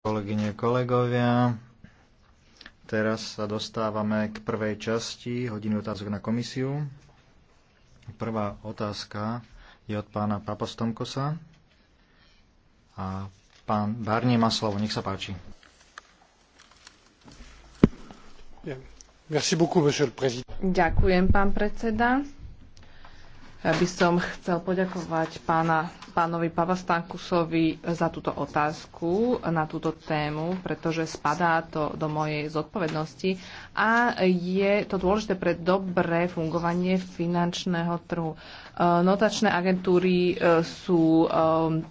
kolegyne, kolegovia. Teraz sa dostávame k prvej časti hodiny otázok na komisiu. Prvá otázka je od pána Papastomkosa. A pán Barnie má slovo, nech sa páči. Ďakujem, pán predseda. Ja by som chcel poďakovať pána, pánovi Pavastankusovi za túto otázku na túto tému, pretože spadá to do mojej zodpovednosti a je to dôležité pre dobré fungovanie finančného trhu. E, notačné agentúry e, sú e,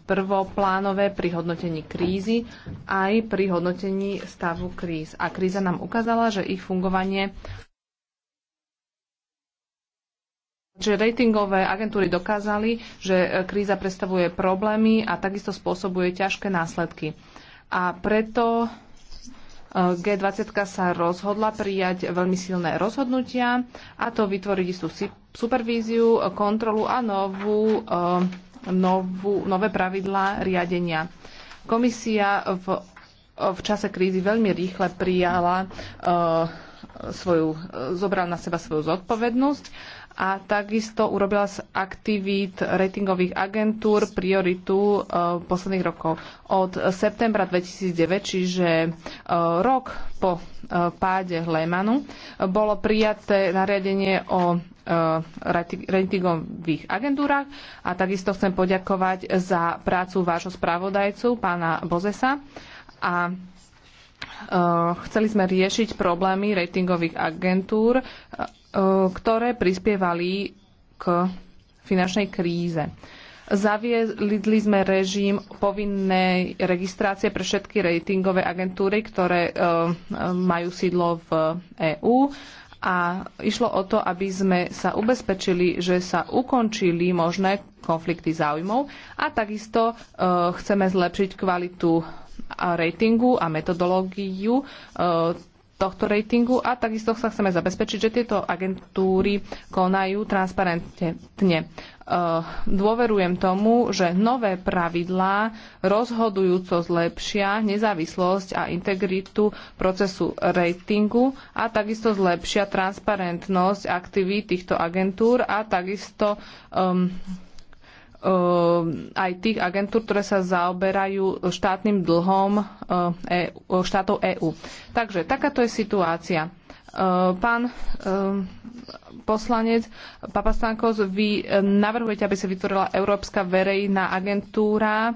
prvoplánové pri hodnotení krízy aj pri hodnotení stavu kríz. A kríza nám ukázala, že ich fungovanie že ratingové agentúry dokázali, že e, kríza predstavuje problémy a takisto spôsobuje ťažké následky. A preto e, G20 sa rozhodla prijať veľmi silné rozhodnutia a to vytvoriť istú supervíziu, kontrolu a novú, e, novú, nové pravidlá riadenia. Komisia v, v čase krízy veľmi rýchle prijala svoju, zobral na seba svoju zodpovednosť a takisto urobila z aktivít ratingových agentúr prioritu uh, posledných rokov. Od septembra 2009, čiže uh, rok po uh, páde Lehmanu, bolo prijaté nariadenie o ratingových agentúrach a takisto chcem poďakovať za prácu vášho spravodajcu, pána Bozesa a chceli sme riešiť problémy ratingových agentúr E, ktoré prispievali k finančnej kríze. Zaviedli sme režim povinnej registrácie pre všetky ratingové agentúry, ktoré e, majú sídlo v EÚ a išlo o to, aby sme sa ubezpečili, že sa ukončili možné konflikty záujmov a takisto e, chceme zlepšiť kvalitu ratingu a metodológiu tohto ratingu a takisto sa chceme zabezpečiť, že tieto agentúry konajú transparentne. E, dôverujem tomu, že nové pravidlá rozhodujúco zlepšia nezávislosť a integritu procesu ratingu a takisto zlepšia transparentnosť aktivít týchto agentúr a takisto um, Eh, aj tých agentúr, ktoré sa zaoberajú štátnym dlhom eh, e eh, štátov EÚ. Takže takáto je situácia. Pán poslanec Papastankos, vy navrhujete, aby sa vytvorila Európska verejná agentúra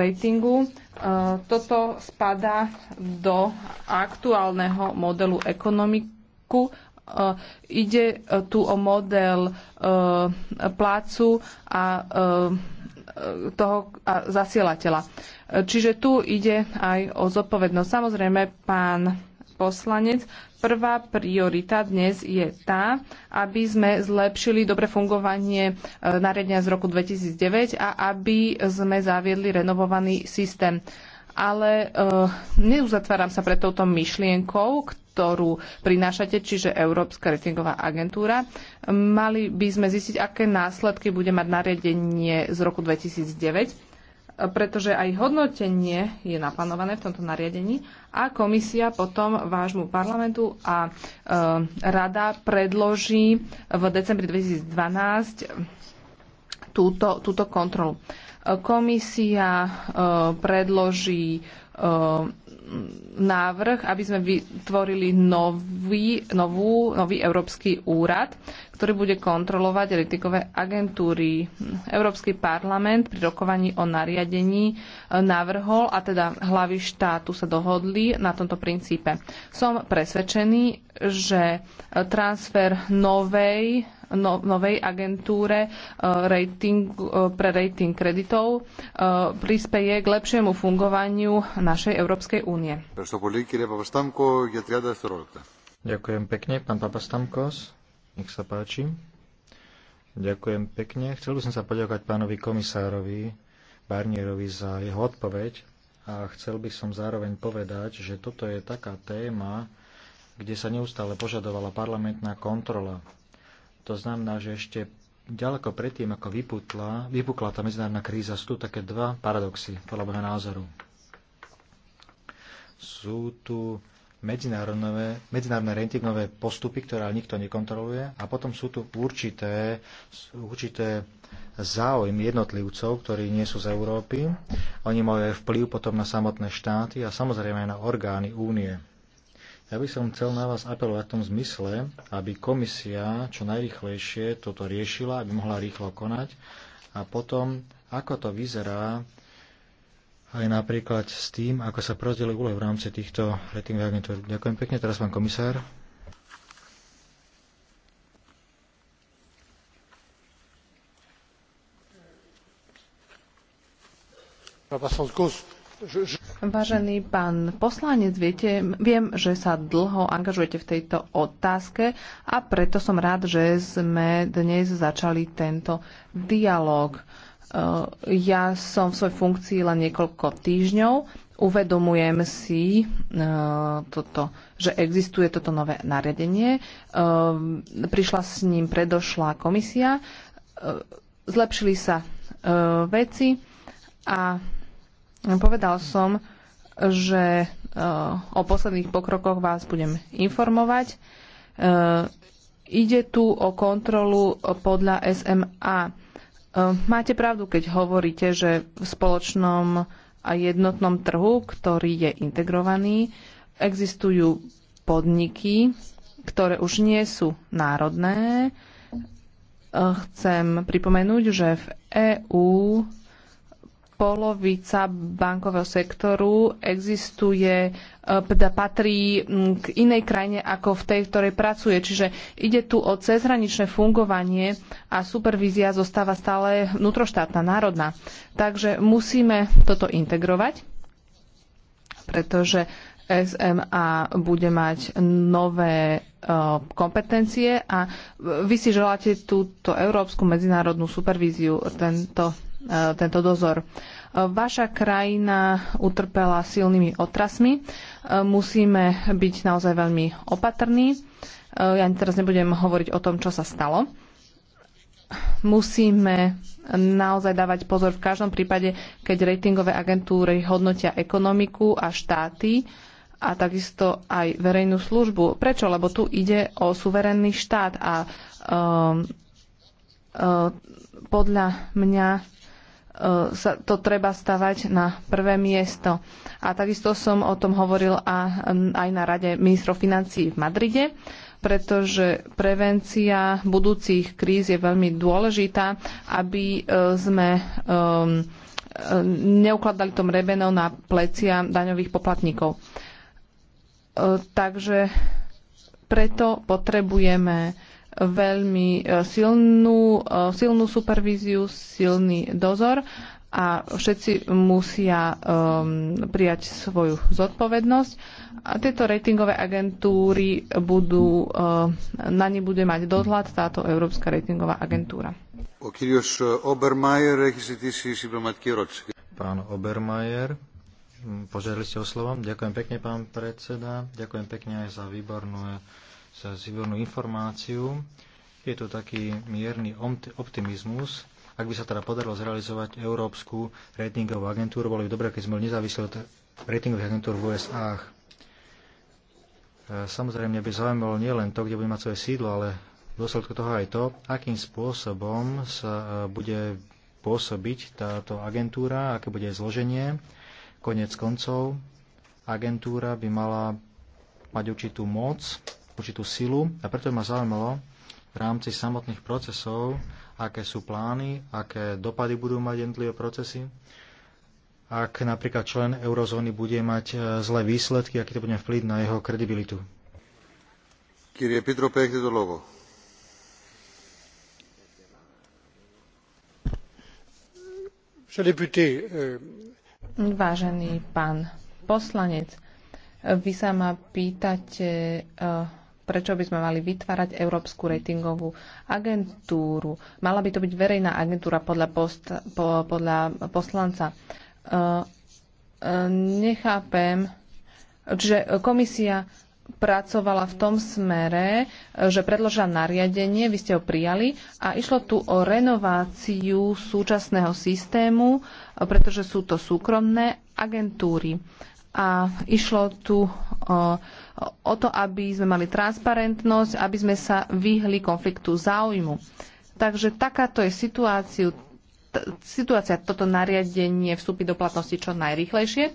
ratingu. Toto spada do aktuálneho modelu ekonomiku E, ide e, tu o model e, plácu a toho a zasielateľa. Čiže tu ide aj o zodpovednosť. Samozrejme, pán poslanec, prvá priorita dnes je tá, aby sme zlepšili dobre fungovanie nariadenia z roku 2009 a aby sme zaviedli renovovaný systém ale uh, neuzatváram sa pred touto myšlienkou, ktorú prinášate, čiže Európska ratingová agentúra. Mali by sme zistiť, aké následky bude mať nariadenie z roku 2009 pretože aj hodnotenie je naplánované v tomto nariadení a komisia potom vášmu parlamentu a e, rada predloží v decembri 2012 túto, túto kontrolu. E, Komisia e, predloží e, návrh, aby sme vytvorili nový, novú, nový Európsky úrad, ktorý bude kontrolovať ratingové agentúry. Európsky parlament pri rokovaní o nariadení e, navrhol, a teda hlavy štátu sa dohodli na tomto princípe. Som presvedčený, že transfer novej no, novej agentúre e, rating, e, pre rating kreditov e, prispeje k lepšiemu fungovaniu našej Európskej únie. Ďakujem pekne, pán Papastamkos. Nech sa páči. Ďakujem pekne. Chcel by som sa poďakovať pánovi komisárovi Barnierovi za jeho odpoveď a chcel by som zároveň povedať, že toto je taká téma, kde sa neustále požadovala parlamentná kontrola to znamená, že ešte ďaleko predtým, ako vyputla, vypukla tá medzinárodná kríza, sú tu také dva paradoxy, podľa môjho názoru. Sú tu medzinárodné, medzinárodné rentingové postupy, ktoré ale nikto nekontroluje a potom sú tu určité, určité záujmy jednotlivcov, ktorí nie sú z Európy. Oni majú aj vplyv potom na samotné štáty a samozrejme aj na orgány únie. Ja by som chcel na vás apelovať v tom zmysle, aby komisia čo najrychlejšie toto riešila, aby mohla rýchlo konať. A potom, ako to vyzerá aj napríklad s tým, ako sa prozdeli úlohy v rámci týchto ratingových agentúr. Ďakujem pekne, teraz pán komisár. Papa Santos, Vážený pán poslanec, viete, viem, že sa dlho angažujete v tejto otázke a preto som rád, že sme dnes začali tento dialog. E, ja som v svojej funkcii len niekoľko týždňov. Uvedomujem si e, toto, že existuje toto nové nariadenie. E, prišla s ním predošlá komisia. Zlepšili sa veci a Povedal som, že eh, o posledných pokrokoch vás budem informovať. Eh, ide tu o kontrolu podľa SMA. Eh, máte pravdu, keď hovoríte, že v spoločnom a jednotnom trhu, ktorý je integrovaný, existujú podniky, ktoré už nie sú národné. Chcem pripomenúť, že v EÚ polovica bankového sektoru existuje, e, teda patrí k inej krajine ako v tej, v ktorej pracuje. Čiže ide tu o cezhraničné fungovanie a supervízia zostáva stále vnútroštátna, národná. Takže musíme toto integrovať, pretože SMA bude mať nové e, kompetencie a vy si želáte túto európsku medzinárodnú supervíziu. Tento E, tento dozor. E, vaša krajina utrpela silnými otrasmi. E, musíme byť naozaj veľmi opatrní. Ja teraz nebudem hovoriť o tom, čo sa stalo. Musíme naozaj dávať pozor v každom prípade, keď ratingové agentúry hodnotia ekonomiku a štáty a takisto aj verejnú službu. Prečo? Lebo tu ide o suverénny štát a um, podľa mňa E, sa to treba stavať na prvé miesto. A takisto som o tom hovoril a, aj na Rade ministrov financií v Madride, pretože prevencia budúcich kríz je veľmi dôležitá, aby e, sme um, neukladali to rebeno na plecia daňových poplatníkov. Takže preto potrebujeme veľmi e, silnú, e, silnú supervíziu, silný dozor a všetci musia um, prijať svoju zodpovednosť. A tieto ratingové agentúry budú, um, na ne bude mať dohľad táto Európska ratingová agentúra. Pán Obermajer, požiadali ste o slovo. Ďakujem pekne, pán predseda. Ďakujem pekne aj za výbornú za zivornú informáciu. Je to taký mierny optimizmus. Ak by sa teda podarilo zrealizovať Európsku ratingovú agentúru, bolo by dobré, keď sme boli nezávislí od ratingových agentúr v USA. Eh, samozrejme, by zaujímalo nielen to, kde bude mať svoje sídlo, ale v dôsledku toho aj to, akým spôsobom sa eh, bude pôsobiť táto agentúra, aké bude zloženie. Konec koncov, agentúra by mala mať určitú moc určitú silu a preto ma zaujímalo v rámci samotných procesov, aké sú plány, aké dopady budú mať jednotlivé procesy. Ak napríklad člen eurozóny bude mať e, zlé výsledky, aký to bude vplyv na jeho kredibilitu. Kyrie Petro, pekne το logo. E, Vážený pán poslanec, vy sa ma pýtate e, prečo by sme mali vytvárať Európsku ratingovú agentúru. Mala by to byť verejná agentúra podľa, post, po, podľa poslanca. Uh, uh, nechápem, že komisia pracovala v tom smere, že predložila nariadenie, vy ste ho prijali a išlo tu o renováciu súčasného systému, pretože sú to súkromné agentúry a išlo tu o to, aby sme mali transparentnosť, aby sme sa vyhli konfliktu záujmu. Takže takáto je situáciu, situácia, toto nariadenie vstúpi do platnosti čo najrychlejšie. E,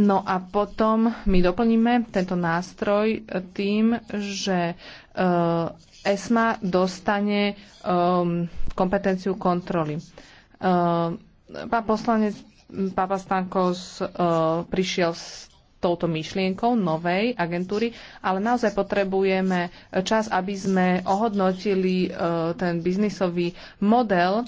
no a potom my doplníme tento nástroj tým, že e, ESMA dostane e, kompetenciu kontroly. Pán poslanec Papa Stankos e, prišiel s touto myšlienkou novej agentúry, ale naozaj potrebujeme čas, aby sme ohodnotili e, ten biznisový model.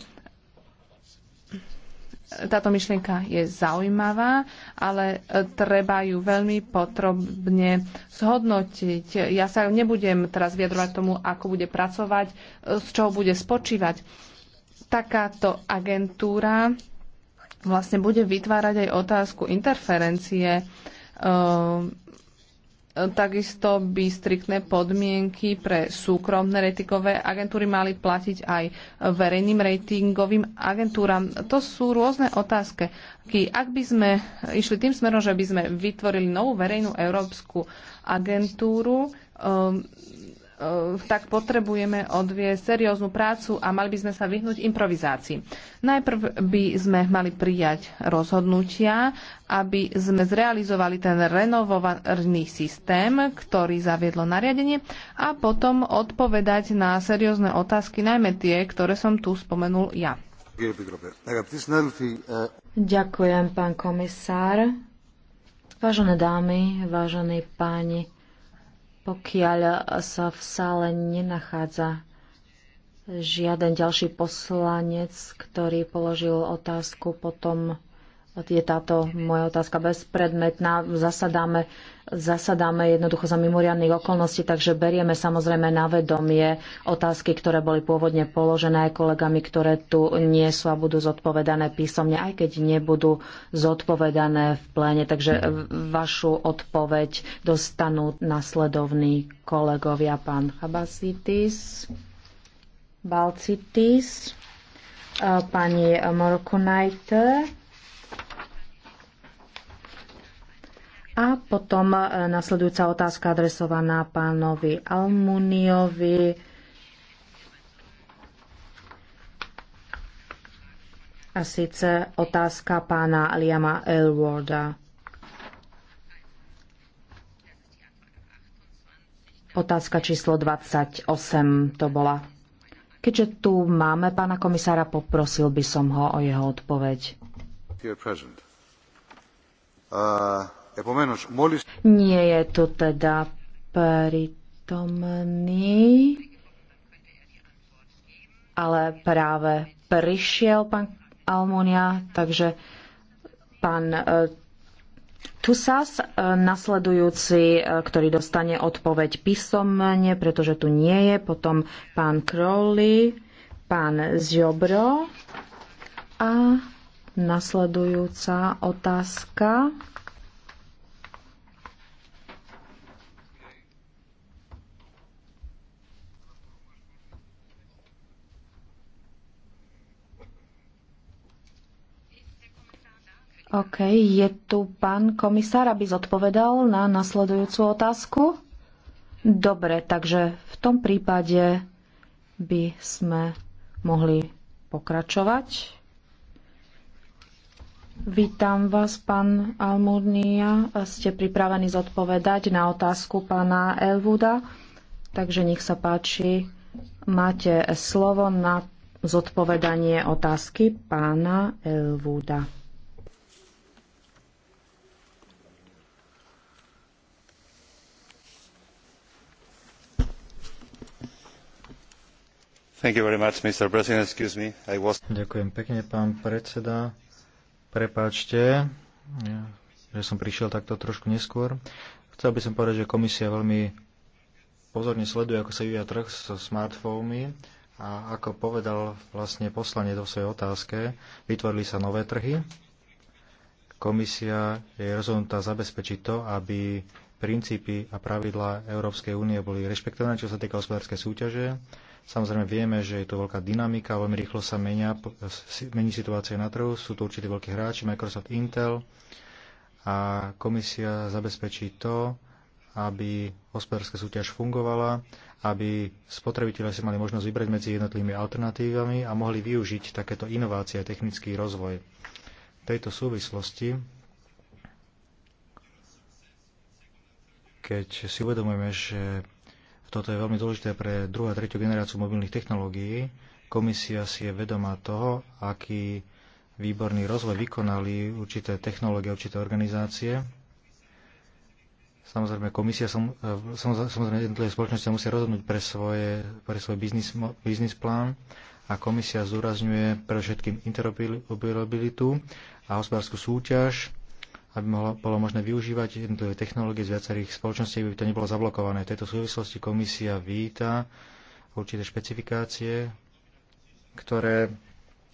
Táto myšlienka je zaujímavá, ale e, treba ju veľmi potrobne zhodnotiť. Ja sa nebudem teraz vyjadrovať tomu, ako bude pracovať, z čoho bude spočívať. Takáto agentúra vlastne bude vytvárať aj otázku interferencie. Ehm, takisto by striktné podmienky pre súkromné ratingové agentúry mali platiť aj verejným ratingovým agentúram. To sú rôzne otázky. Ak by sme išli tým smerom, že by sme vytvorili novú verejnú európsku agentúru, ehm, Eh, tak potrebujeme odvieť serióznu prácu a mali by sme sa vyhnúť improvizácii. Najprv by sme mali prijať rozhodnutia, aby sme zrealizovali ten renovovaný systém, ktorý zaviedlo nariadenie a potom odpovedať na seriózne otázky, najmä tie, ktoré som tu spomenul ja. Ďakujem, pán komisár. Vážené dámy, vážení páni, pokiaľ sa v sále nenachádza žiaden ďalší poslanec, ktorý položil otázku, potom je táto moja otázka bezpredmetná. Zasadáme zasadáme jednoducho za mimoriadných okolností, takže berieme samozrejme na vedomie otázky, ktoré boli pôvodne položené aj kolegami, ktoré tu nie sú a budú zodpovedané písomne, aj keď nebudú zodpovedané v pléne. Takže vašu odpoveď dostanú nasledovní kolegovia pán Chabasitis, Balcitis, pani Morkunajte, A potom e, nasledujúca otázka adresovaná pánovi Almuniovi. A síce otázka pána Liama Elwarda. Otázka číslo 28 to bola. Keďže tu máme pána komisára, poprosil by som ho o jeho odpoveď. Dear President, uh, nie je tu teda prítomný, ale práve prišiel pán Almonia, takže pán e, Tusas, e, nasledujúci, e, ktorý dostane odpoveď písomne, pretože tu nie je, potom pán Crowley, pán Zjobro a nasledujúca otázka. OK, je tu pán komisár, aby zodpovedal na nasledujúcu otázku? Dobre, takže v tom prípade by sme mohli pokračovať. Vítam vás, pán Almurnia. Ste pripravení zodpovedať na otázku pána Elvuda? Takže nech sa páči, máte slovo na zodpovedanie otázky pána Elvuda. Ďakujem pekne, pán predseda. Prepáčte, že som prišiel takto trošku neskôr. Chcel by som povedať, že komisia veľmi pozorne sleduje, ako sa vyvíja trh so smartfónmi a ako povedal vlastne poslanec vo svojej otázke, vytvorili sa nové trhy. Komisia je rozhodnutá zabezpečiť to, aby princípy a pravidlá Európskej únie boli rešpektované, čo sa týka hospodárskej súťaže Samozrejme vieme, že je to veľká dynamika, veľmi rýchlo sa menia, mení situácia na trhu, sú tu určití veľkí hráči, Microsoft, Intel a komisia zabezpečí to, aby hospodárska súťaž fungovala, aby spotrebitelia si mali možnosť vybrať medzi jednotlivými alternatívami a mohli využiť takéto inovácie a technický rozvoj. V tejto súvislosti, keď si uvedomujeme, že toto je veľmi dôležité pre druhú a tretiu generáciu mobilných technológií. Komisia si je vedomá toho, aký výborný rozvoj vykonali určité technológie, určité organizácie. Samozrejme, komisia, e, samozrejme, jednotlivé spoločnosti musia rozhodnúť pre, svoje, pre svoj biznis, biznis plán a komisia zdôrazňuje pre všetkým interoperabilitu a hospodárskú súťaž, aby mohlo, bolo možné využívať jednotlivé technológie z viacerých spoločností, aby to nebolo zablokované. V tejto súvislosti komisia víta určité špecifikácie, ktoré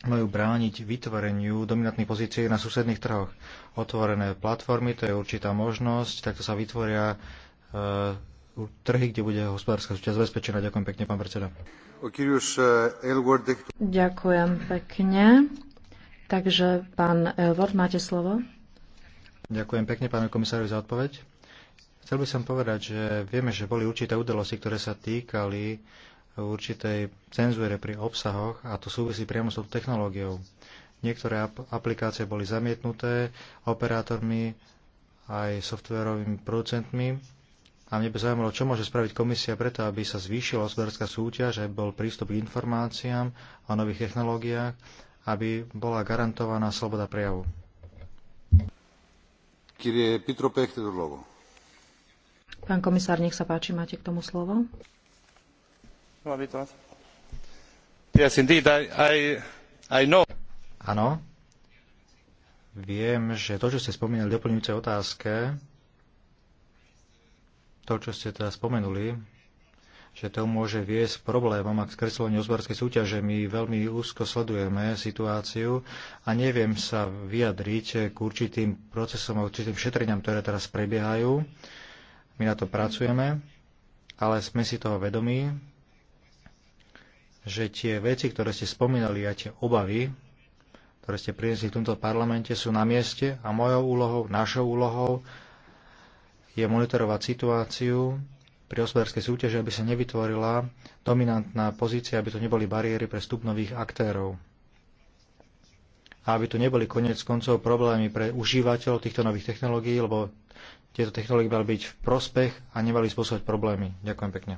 majú brániť vytvoreniu dominantných pozícií na susedných trhoch. Otvorené platformy, to je určitá možnosť, takto sa vytvoria uh, trhy, kde bude hospodárska súťaž zabezpečená. Ďakujem pekne, pán predseda. Ďakujem pekne. Takže, pán Elward, máte slovo. Ďakujem pekne pán komisár, za odpoveď. Chcel by som povedať, že vieme, že boli určité udalosti, ktoré sa týkali určitej cenzúre pri obsahoch a to súvisí priamo s tou technológiou. Niektoré ap- aplikácie boli zamietnuté operátormi aj softverovými producentmi a mne by zaujímalo, čo môže spraviť komisia preto, aby sa zvýšila hospodárska súťaž, aby bol prístup k informáciám o nových technológiách, aby bola garantovaná sloboda prejavu. Pán komisár, nech sa páči, máte k tomu slovo. Áno. Viem, že to, čo ste spomínali v doplňujúcej otázke, to, čo ste teda spomenuli, že to môže viesť problémom a k skresleniu súťaže. My veľmi úzko sledujeme situáciu a neviem sa vyjadriť k určitým procesom a určitým šetreniam, ktoré teraz prebiehajú. My na to pracujeme, ale sme si toho vedomí, že tie veci, ktoré ste spomínali a tie obavy, ktoré ste priniesli v tomto parlamente, sú na mieste a mojou úlohou, našou úlohou je monitorovať situáciu pri hospodárskej súťaži, aby sa nevytvorila dominantná pozícia, aby to neboli bariéry pre vstup nových aktérov. A aby tu neboli konec koncov problémy pre užívateľov týchto nových technológií, lebo tieto technológie mali byť v prospech a nemali spôsobať problémy. Ďakujem pekne.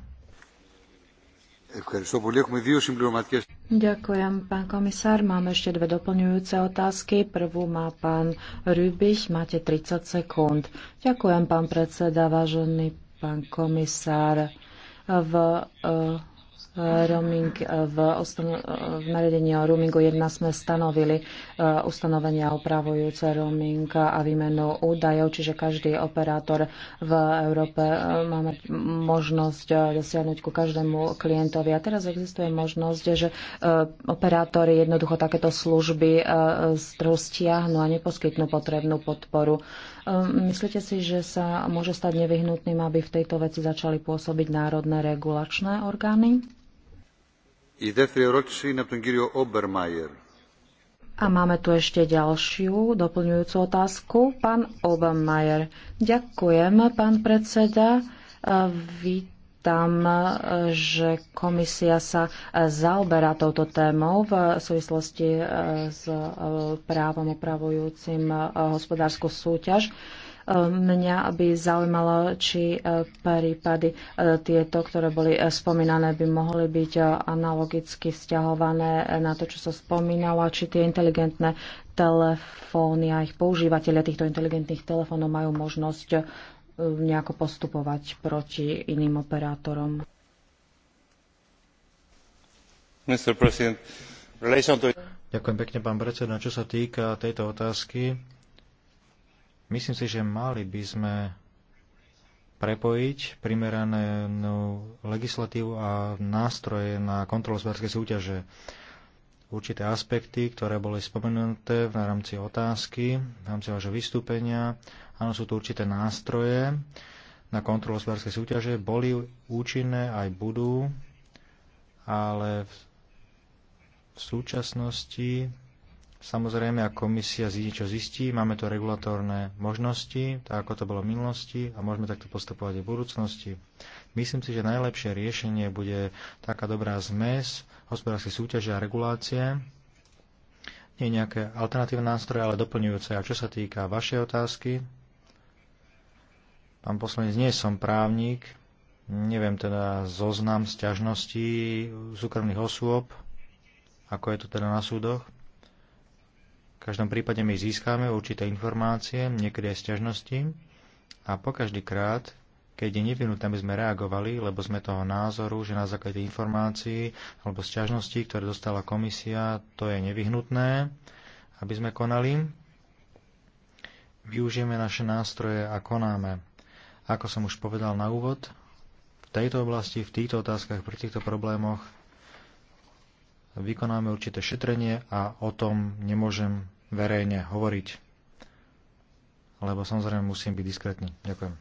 Ďakujem, pán komisár. Máme ešte dve doplňujúce otázky. Prvú má pán Rubiš, Máte 30 sekúnd. Ďakujem, pán predseda, vážený pán komisár. V eh, roaming v, v nariadení o roamingu 1 sme stanovili eh, ustanovenia opravujúce roaming a výmenu údajov, čiže každý operátor v Európe eh, máme možnosť dosiahnuť ku každému klientovi. A teraz existuje možnosť, že operátori jednoducho takéto služby stiahnu a neposkytnú potrebnú podporu. Ehm, myslíte si, že sa môže stať nevyhnutným, aby v tejto veci začali pôsobiť národné regulačné orgány? A máme tu ešte ďalšiu doplňujúcu otázku. Pán Obermajer. Ďakujem, pán predseda. Ehm, Vítam tam, e, že komisia sa e, zaoberá touto témou v súvislosti e, s právom upravujúcim hospodárskú súťaž. Mňa by zaujímalo, či prípady tieto, ktoré boli spomínané, by mohli byť analogicky vzťahované na to, čo sa spomínalo, či tie inteligentné telefóny a ich používateľe týchto inteligentných telefónov majú možnosť nejako postupovať proti iným operátorom. Ďakujem pekne, pán predseda. Čo sa týka tejto otázky, myslím si, že mali by sme prepojiť primeranú legislatívu a nástroje na kontrolu hospodárskej súťaže. Určité aspekty, ktoré boli spomenuté v rámci otázky, v rámci vášho vystúpenia, Áno, sú tu určité nástroje na kontrolu hospodárskej súťaže, boli účinné, aj budú, ale v súčasnosti samozrejme, ak komisia niečo zistí, máme tu regulatórne možnosti, tak ako to bolo v minulosti a môžeme takto postupovať aj v budúcnosti. Myslím si, že najlepšie riešenie bude taká dobrá zmes hospodárskej súťaže a regulácie, nie nejaké alternatívne nástroje, ale doplňujúce. A čo sa týka vašej otázky, Pán poslanec, nie som právnik, neviem teda zoznam sťažností súkromných osôb, ako je to teda na súdoch. V každom prípade my získame určité informácie, niekedy aj sťažnosti a po každý krát, keď je nevyhnutné, aby sme reagovali, lebo sme toho názoru, že na základe informácií alebo sťažností, ktoré dostala komisia, to je nevyhnutné, aby sme konali, využijeme naše nástroje a konáme. Ako som už povedal na úvod, v tejto oblasti, v týchto otázkach, pri týchto problémoch vykonáme určité šetrenie a o tom nemôžem verejne hovoriť, lebo samozrejme musím byť diskrétny. Ďakujem.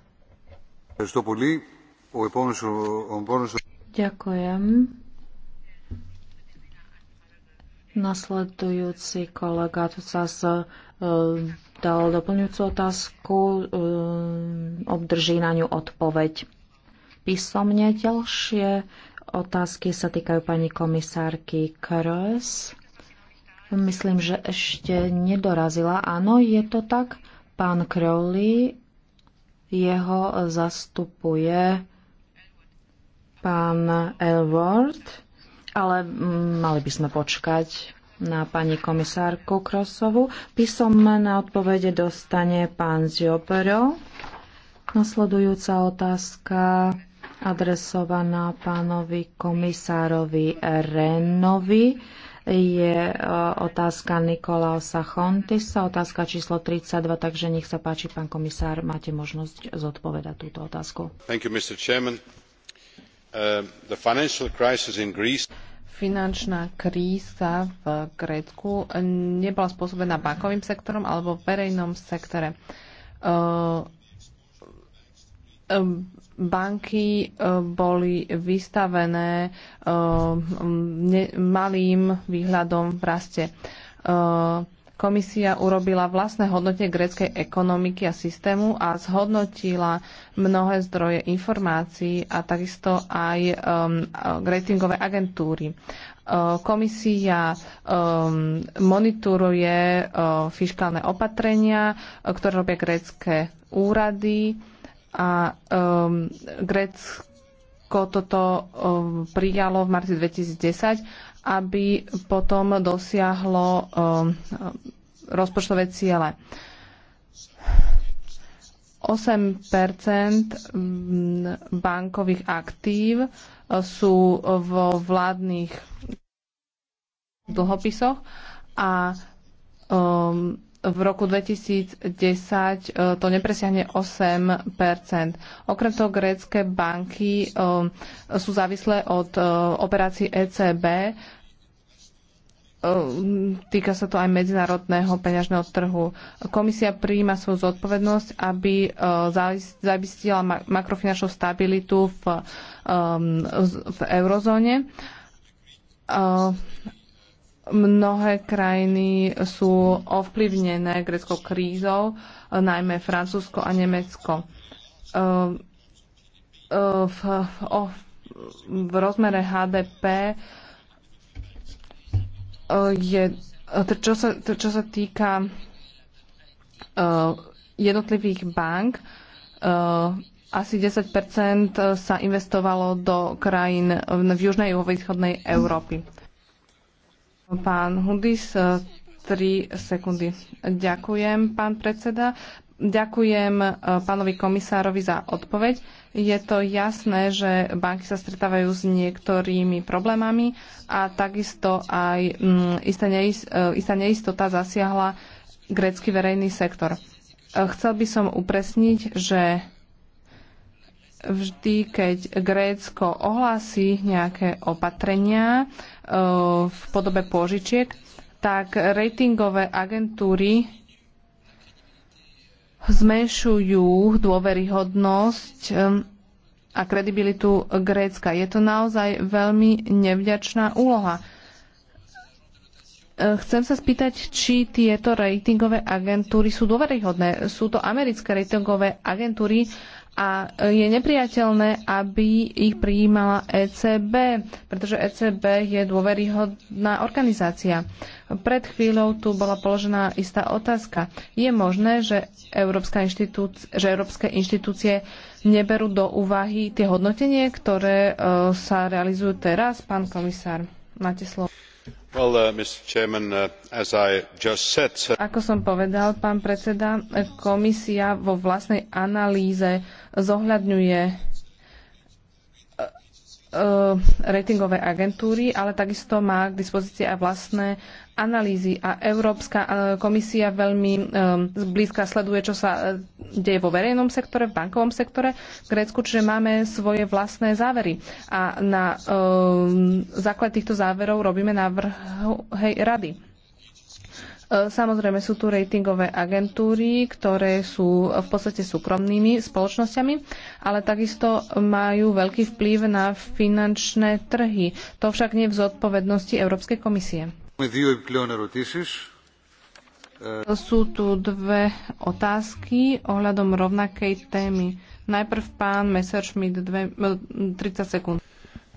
Ďakujem. Nasledujúci kolega tu sa z e, dal doplňujúcu otázku, um, obdrží na ňu odpoveď písomne. Ďalšie otázky sa týkajú pani komisárky Kroes. Myslím, že ešte nedorazila. Áno, je to tak. Pán Crowley, jeho zastupuje pán Elward, ale mm, mali by sme počkať na pani komisárku Krosovu. Písomné odpovede dostane pán Ziopero. Nasledujúca otázka adresovaná pánovi komisárovi Renovi je e, otázka Nikolausa Chontisa, otázka číslo 32, takže nech sa páči, pán komisár, máte možnosť zodpovedať túto otázku. Thank you, Mr. Chairman. Uh, the financial crisis in Greece finančná kríza v Grécku nebola spôsobená bankovým sektorom alebo v verejnom sektore. Ehm, ehm, banky ehm, boli vystavené malým výhľadom v raste Komisia urobila vlastné hodnotie gréckej ekonomiky a systému a zhodnotila mnohé zdroje informácií a takisto aj um, ratingové agentúry. Uh, komisia um, monitoruje uh, fiskálne opatrenia, uh, ktoré robia grécké úrady a um, Grécko toto um, prijalo v marci 2010 aby potom dosiahlo um, rozpočtové ciele. 8 mm, bankových aktív uh, sú vo vládnych dlhopisoch a um, v roku 2010 e, to nepresiahne 8 Okrem toho grécké banky e, sú závislé od e, operácií ECB. Týka sa to aj medzinárodného peňažného trhu. Komisia prijíma svoju zodpovednosť, aby zabistila makrofinančnú stabilitu v, v eurozóne Mnohé krajiny sú ovplyvnené greckou krízou, najmä Francúzsko a Nemecko. Ehm, ehm, v, v rozmere HDP ehm, je, čo sa, čo sa týka jednotlivých bank, asi 10 sa investovalo do krajín v južnej a východnej Európy. Pán Hudis, 3 e, sekundy. Ďakujem, pán predseda. Ďakujem e, pánovi komisárovi za odpoveď. Je to jasné, že banky sa stretávajú s niektorými problémami a takisto aj mm, e, istá neistota zasiahla grécky verejný sektor. Chcel by som upresniť, že vždy, keď Grécko ohlási nejaké opatrenia e, v podobe pôžičiek, tak ratingové agentúry zmenšujú dôveryhodnosť e, a kredibilitu Grécka. Je to naozaj veľmi nevďačná úloha. E, chcem sa spýtať, či tieto ratingové agentúry sú dôveryhodné. Sú to americké ratingové agentúry a e, je nepriateľné, aby ich prijímala ECB, pretože ECB je dôveryhodná organizácia. Pred chvíľou tu bola položená istá otázka. Je možné, že, Európska že európske inštitúcie neberú do úvahy tie hodnotenie, ktoré e, sa realizujú teraz? Pán komisár, máte slovo. Uh, uh, Ako som povedal, pán predseda, komisia vo vlastnej analýze zohľadňuje Eh, ratingové agentúry, ale takisto má k dispozícii aj vlastné analýzy a Európska eh, komisia veľmi eh, zblízka sleduje, čo sa deje vo verejnom sektore, v bankovom sektore v Grécku, čiže máme svoje vlastné závery. A na základe týchto záverov robíme návrh hej, rady. E, samozrejme sú tu ratingové agentúry, ktoré sú v podstate súkromnými spoločnosťami, ale takisto majú veľký vplyv na finančné trhy. To však nie v zodpovednosti Európskej komisie. Sú tu dve otázky ohľadom rovnakej témy. Najprv pán Messerschmidt, 30 e, sekúnd.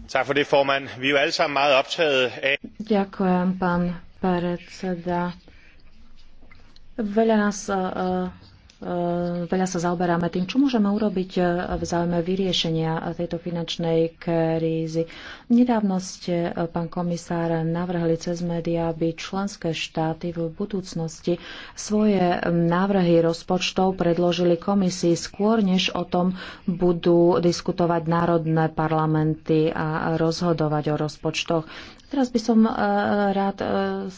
Tak for det, formand. Vi er jo alle sammen meget optaget af... Ďakujem, pán predseda. Veľa nás e, e, e, veľa sa zaoberáme tým, čo môžeme urobiť v záujme vyriešenia tejto finančnej krízy. Nedávno ste, pán komisár, navrhli cez médiá, aby členské štáty v budúcnosti svoje návrhy rozpočtov predložili komisii skôr, než o tom budú diskutovať národné parlamenty a rozhodovať o rozpočtoch. Teraz by som e, rád e,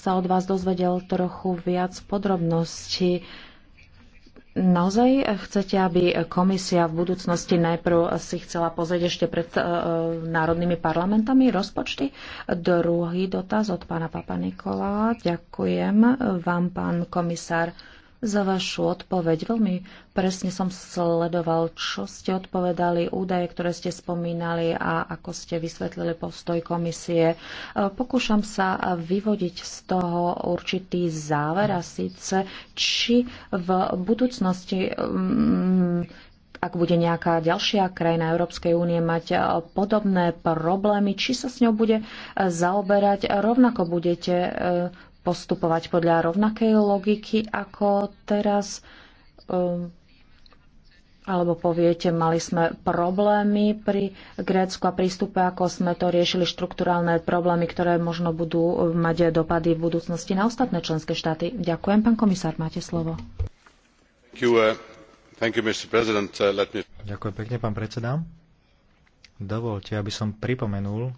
sa od vás dozvedel trochu viac podrobností. Naozaj chcete, aby komisia v budúcnosti najprv si chcela pozrieť ešte pred e, národnými parlamentami rozpočty? Druhý dotaz od pána Papa Nikola. Ďakujem vám, pán komisár za vašu odpoveď. Veľmi presne som sledoval, čo ste odpovedali, údaje, ktoré ste spomínali a ako ste vysvetlili postoj komisie. E, pokúšam sa vyvodiť z toho určitý záver a síce, či v budúcnosti mm, ak bude nejaká ďalšia krajina Európskej únie mať podobné problémy, či sa s ňou bude zaoberať, rovnako budete e, postupovať podľa rovnakej logiky ako teraz? Um, alebo poviete, mali sme problémy pri Grécku a prístupe, ako sme to riešili, štruktúralné problémy, ktoré možno budú mať dopady v budúcnosti na ostatné členské štáty. Ďakujem, pán komisár, máte slovo. Uh, uh, Ďakujem pekne, pán predseda. Dovolte, aby som pripomenul,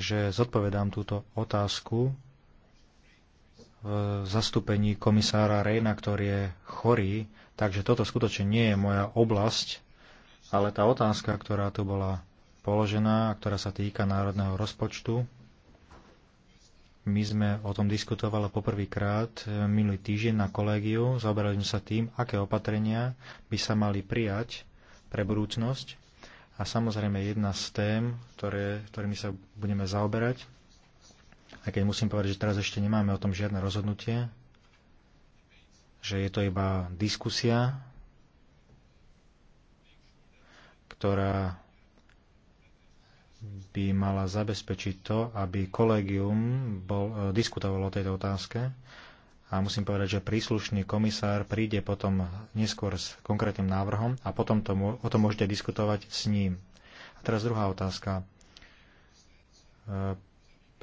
že zodpovedám túto otázku zastúpení komisára Rejna, ktorý je chorý, takže toto skutočne nie je moja oblasť, ale tá otázka, ktorá tu bola položená a ktorá sa týka národného rozpočtu, my sme o tom diskutovali poprvýkrát e, minulý týždeň na kolégiu. Zaoberali sme sa tým, aké opatrenia by sa mali prijať pre budúcnosť. A samozrejme jedna z tém, ktoré, ktorými sa budeme zaoberať, aj keď musím povedať, že teraz ešte nemáme o tom žiadne rozhodnutie, že je to iba diskusia, ktorá by mala zabezpečiť to, aby kolegium bol, e, diskutovalo o tejto otázke. A musím povedať, že príslušný komisár príde potom neskôr s konkrétnym návrhom a potom to, o tom môžete diskutovať s ním. A teraz druhá otázka. E,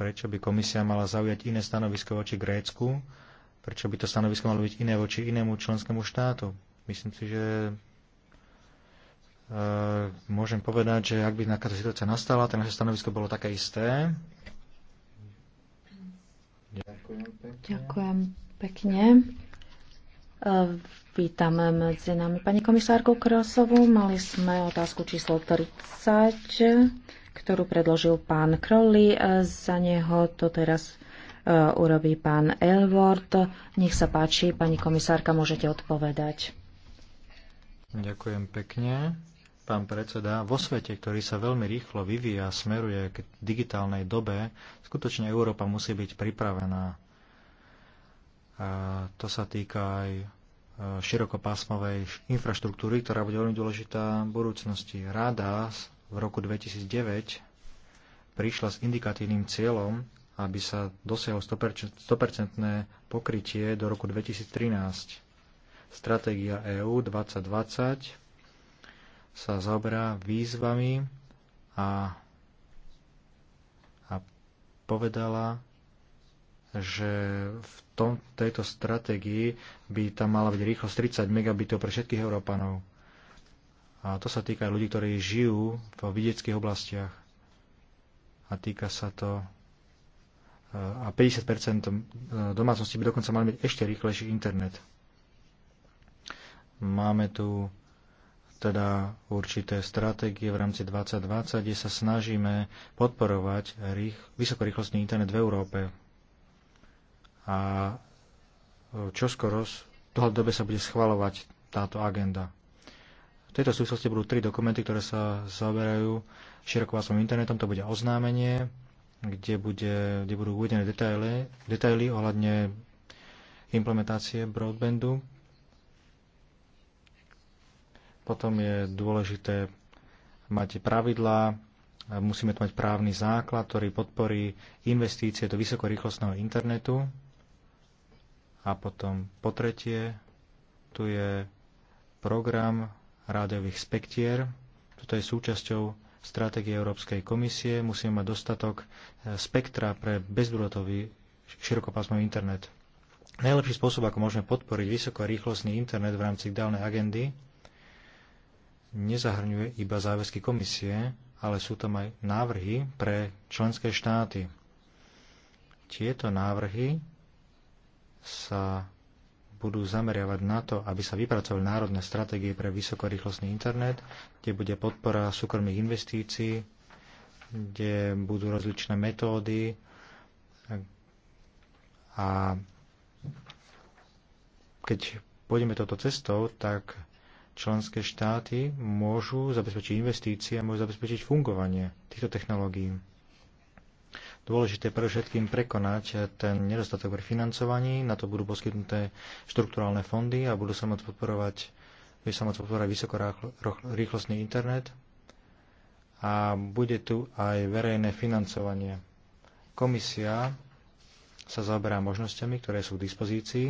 prečo by komisia mala zaujať iné stanovisko voči Grécku, prečo by to stanovisko malo byť iné voči inému členskému štátu. Myslím si, že e, môžem povedať, že ak by takáto situácia nastala, tak naše stanovisko bolo také isté. Ďakujem pekne. Ďakujem pekne. Vítame medzi nami pani komisárku Krasovu. Mali sme otázku číslo 30 ktorú predložil pán Crowley. E, za neho to teraz e, urobí pán Elward. Nech sa páči, pani komisárka, môžete odpovedať. Ďakujem pekne. Pán predseda, vo svete, ktorý sa veľmi rýchlo vyvíja a smeruje k digitálnej dobe, skutočne Európa musí byť pripravená. A to sa týka aj e, širokopásmovej infraštruktúry, ktorá bude veľmi dôležitá v budúcnosti. Rada v roku 2009 prišla s indikatívnym cieľom, aby sa dosiahlo 100%, pokrytie do roku 2013. Stratégia EÚ 2020 sa zaoberá výzvami a, a povedala, že v tom, tejto stratégii by tam mala byť rýchlosť 30 megabitov pre všetkých Európanov. A to sa týka aj ľudí, ktorí žijú v vidieckých oblastiach. A týka sa to eh, a 50 eh, domácností by dokonca mali mať ešte rýchlejší internet. Máme tu teda určité stratégie v rámci 2020, kde sa snažíme podporovať rých, vysokorýchlostný internet v Európe. A eh, čoskoro v dobe sa bude schvalovať táto agenda. V tejto súvislosti budú tri dokumenty, ktoré sa zaoberajú širokovásom internetom. To bude oznámenie, kde, bude, kde budú uvedené detaily, detaily ohľadne implementácie broadbandu. Potom je dôležité mať pravidlá, musíme tu mať právny základ, ktorý podporí investície do vysokorýchlostného internetu. A potom po tretie, tu je program rádiových spektier. Toto je súčasťou stratégie Európskej komisie. Musíme mať dostatok e, spektra pre bezdrôtový širokopásmový internet. Najlepší spôsob, ako môžeme podporiť vysokorýchlostný internet v rámci dálnej agendy, nezahrňuje iba záväzky komisie, ale sú tam aj návrhy pre členské štáty. Tieto návrhy sa budú zameriavať na to, aby sa vypracovali národné stratégie pre vysokorýchlostný internet, kde bude podpora súkromných investícií, kde budú rozličné metódy a keď pôjdeme touto cestou, tak členské štáty môžu zabezpečiť investície a môžu zabezpečiť fungovanie týchto technológií dôležité pre všetkým prekonať eh, ten nedostatok pri financovaní. Na to budú poskytnuté štrukturálne fondy a budú sa môcť podporovať, bude sa môcť podporovať rýchlostný internet a bude tu aj verejné financovanie. Komisia sa zaoberá možnosťami, ktoré sú k dispozícii.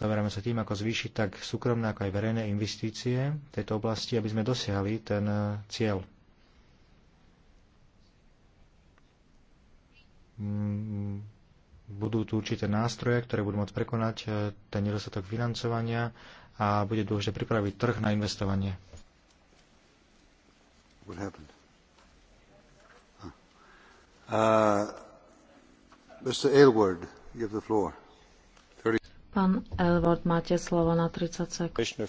Zaberáme sa tým, ako zvýšiť tak súkromné, ako aj verejné investície v tejto oblasti, aby sme dosiahli ten eh, cieľ. Mm, budú tu určité nástroje, ktoré budú môcť prekonať eh, ten nedostatok financovania a bude dôležité pripraviť trh na investovanie. Ah. Uh, Aylward, Pán Elward, máte slovo na 30 sekúnd.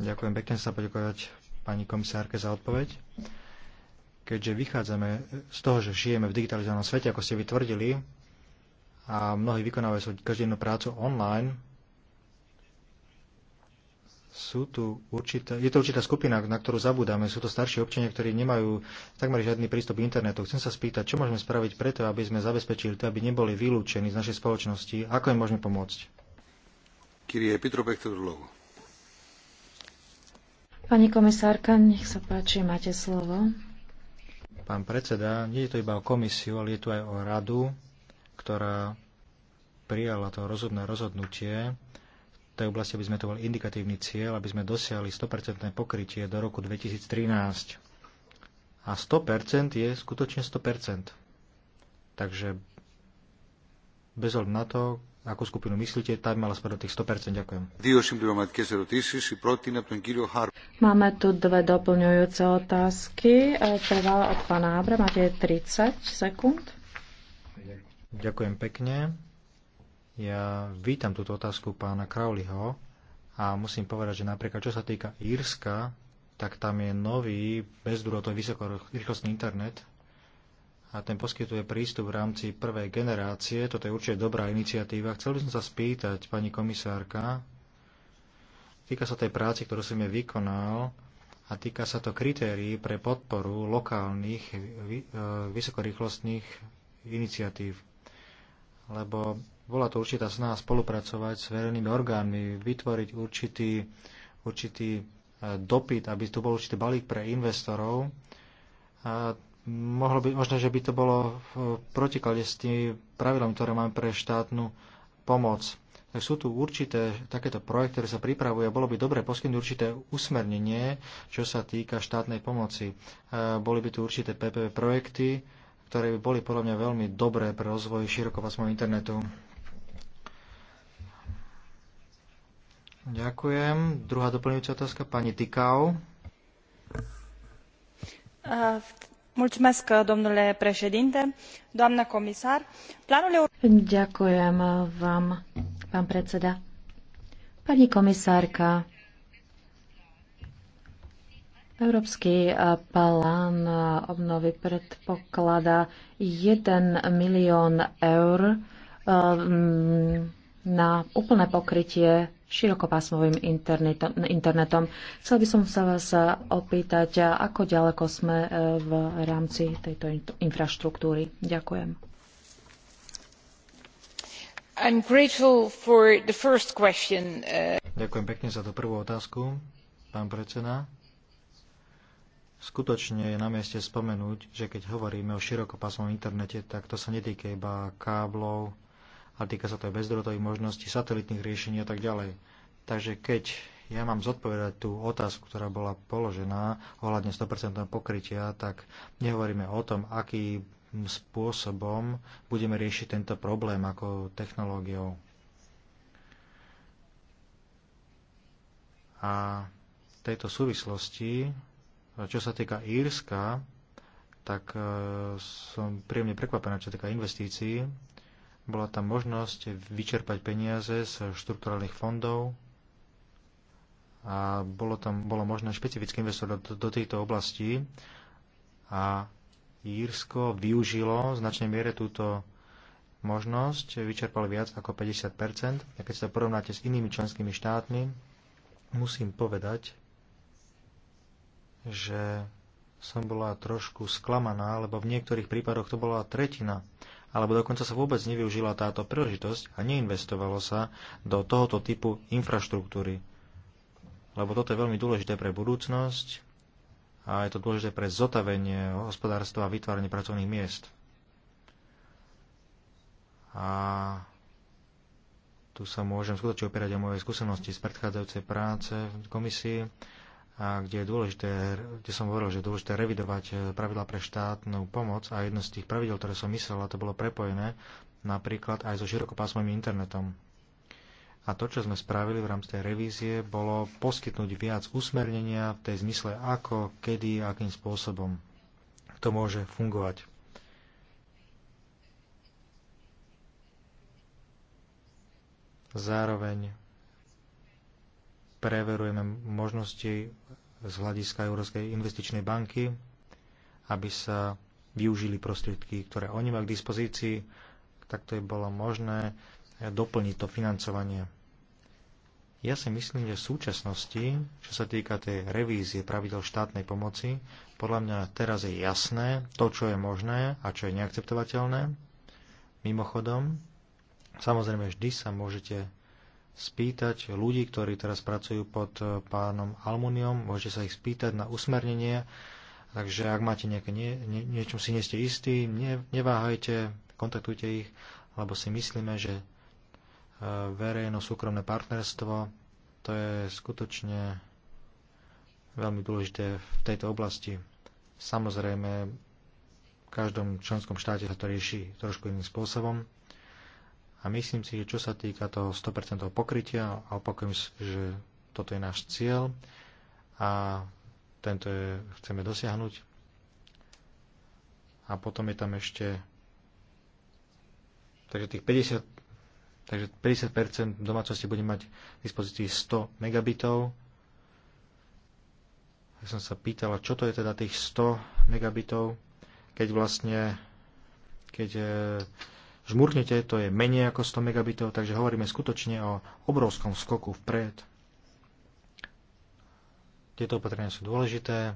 Ďakujem pekne sa poďakovať pani komisárke za odpoveď. Uh, keďže vychádzame z toho, že žijeme v digitalizovanom svete, ako ste vytvrdili, a mnohí vykonávajú svoju každodennú prácu online, sú tu určité, je to určitá skupina, na ktorú zabúdame. Sú to starší občania, ktorí nemajú takmer žiadny prístup k internetu. Chcem sa spýtať, čo môžeme spraviť preto, aby sme zabezpečili to, aby neboli vylúčení z našej spoločnosti. Ako im môžeme pomôcť? Kyrie Pitrobek, Pani komisárka, nech sa páči, máte slovo pán predseda, nie je to iba o komisiu, ale je tu aj o radu, ktorá prijala to rozumné rozhodnutie v tej oblasti, by sme to boli indikatívny cieľ, aby sme dosiahli 100% pokrytie do roku 2013. A 100% je skutočne 100%. Takže bez ohľadu na to, akú skupinu myslíte, tak mala spadať tých 100%. Ďakujem. Máme tu dve doplňujúce otázky. Prvá od pána Abra, máte 30 sekúnd. Ďakujem pekne. Ja vítam túto otázku pána Crowleyho a musím povedať, že napríklad čo sa týka Írska, tak tam je nový bezdruhotový vysokorýchlostný internet, a ten poskytuje prístup v rámci prvej generácie. Toto je určite dobrá iniciatíva. Chcel by som sa spýtať, pani komisárka, týka sa tej práce, ktorú som je vykonal a týka sa to kritérií pre podporu lokálnych e, vysokorýchlostných iniciatív. Lebo bola to určitá snaha spolupracovať s verejnými orgánmi, vytvoriť určitý, určitý e, dopyt, aby tu bol určitý balík pre investorov. A mohlo byť možné, že by to bolo v protiklade s tými pravidlami, ktoré máme pre štátnu pomoc. Tak sú tu určité takéto projekty, ktoré sa pripravujú a Bolo by dobre poskytnúť určité usmernenie, čo sa týka štátnej pomoci. E, boli by tu určité PPP projekty, ktoré by boli podľa mňa veľmi dobré pre rozvoj širokopásmového internetu. Ďakujem. Druhá doplňujúca otázka, pani Tikau. Uh, Ďakujem vám, pán predseda. Pani komisárka, Európsky eh, plán eh, obnovy predpokladá 1 milión eur eh, na úplné pokrytie širokopásmovým internetom, internetom. Chcel by som sa vás opýtať, ako ďaleko sme e, v rámci tejto infraštruktúry. Ďakujem. E. Ďakujem pekne za tú prvú otázku, pán predseda. Skutočne je na mieste spomenúť, že keď hovoríme o širokopásmovom internete, tak to sa netýka iba káblov, a týka sa to aj bezdrotových možností, satelitných riešení a tak ďalej. Takže keď ja mám zodpovedať tú otázku, ktorá bola položená ohľadne 100% pokrytia, tak nehovoríme o tom, akým spôsobom budeme riešiť tento problém ako technológiou. A v tejto súvislosti, čo sa týka Írska, tak e, som príjemne prekvapená, čo sa týka investícií bola tam možnosť vyčerpať peniaze z štrukturálnych fondov a bolo tam bolo možné špecificky investovať do, do tejto oblasti a Írsko využilo v značnej miere túto možnosť, vyčerpalo viac ako 50 a keď sa porovnáte s inými členskými štátmi, musím povedať, že som bola trošku sklamaná, lebo v niektorých prípadoch to bola tretina alebo dokonca sa vôbec nevyužila táto príležitosť a neinvestovalo sa do tohoto typu infraštruktúry. Lebo toto je veľmi dôležité pre budúcnosť a je to dôležité pre zotavenie hospodárstva a vytváranie pracovných miest. A tu sa môžem skutočne opierať o moje skúsenosti z predchádzajúcej práce v komisii a kde je dôležité, kde som hovoril, že je dôležité revidovať e, pravidla pre štátnu pomoc a jedno z tých pravidel, ktoré som myslel, a to bolo prepojené napríklad aj so širokopásmovým internetom. A to, čo sme spravili v rámci tej revízie, bolo poskytnúť viac usmernenia v tej zmysle, ako, kedy, akým spôsobom to môže fungovať. Zároveň preverujeme možnosti z hľadiska Európskej investičnej banky, aby sa využili prostriedky, ktoré oni majú k dispozícii, tak to je bolo možné doplniť to financovanie. Ja si myslím, že v súčasnosti, čo sa týka tej revízie pravidel štátnej pomoci, podľa mňa teraz je jasné to, čo je možné a čo je neakceptovateľné. Mimochodom, samozrejme vždy sa môžete spýtať ľudí, ktorí teraz pracujú pod eh, pánom Almuniom, môžete sa ich spýtať na usmernenie, takže ak máte nejaké, nie, nie, niečom si nie ste istí, ne, neváhajte, kontaktujte ich, lebo si myslíme, že eh, verejno-súkromné partnerstvo to je skutočne veľmi dôležité v tejto oblasti. Samozrejme, v každom členskom štáte sa to rieši trošku iným spôsobom. A myslím si, že čo sa týka toho 100% pokrytia, a opakujem, že toto je náš cieľ a tento je, chceme dosiahnuť. A potom je tam ešte takže tých 50 takže 50% domácnosti bude mať v dispozícii 100 megabitov. Ja som sa pýtala, čo to je teda tých 100 megabitov, keď vlastne keď eh, Žmurknete, to je menej ako 100 megabitov, takže hovoríme skutočne o obrovskom skoku vpred. Tieto opatrenia sú dôležité.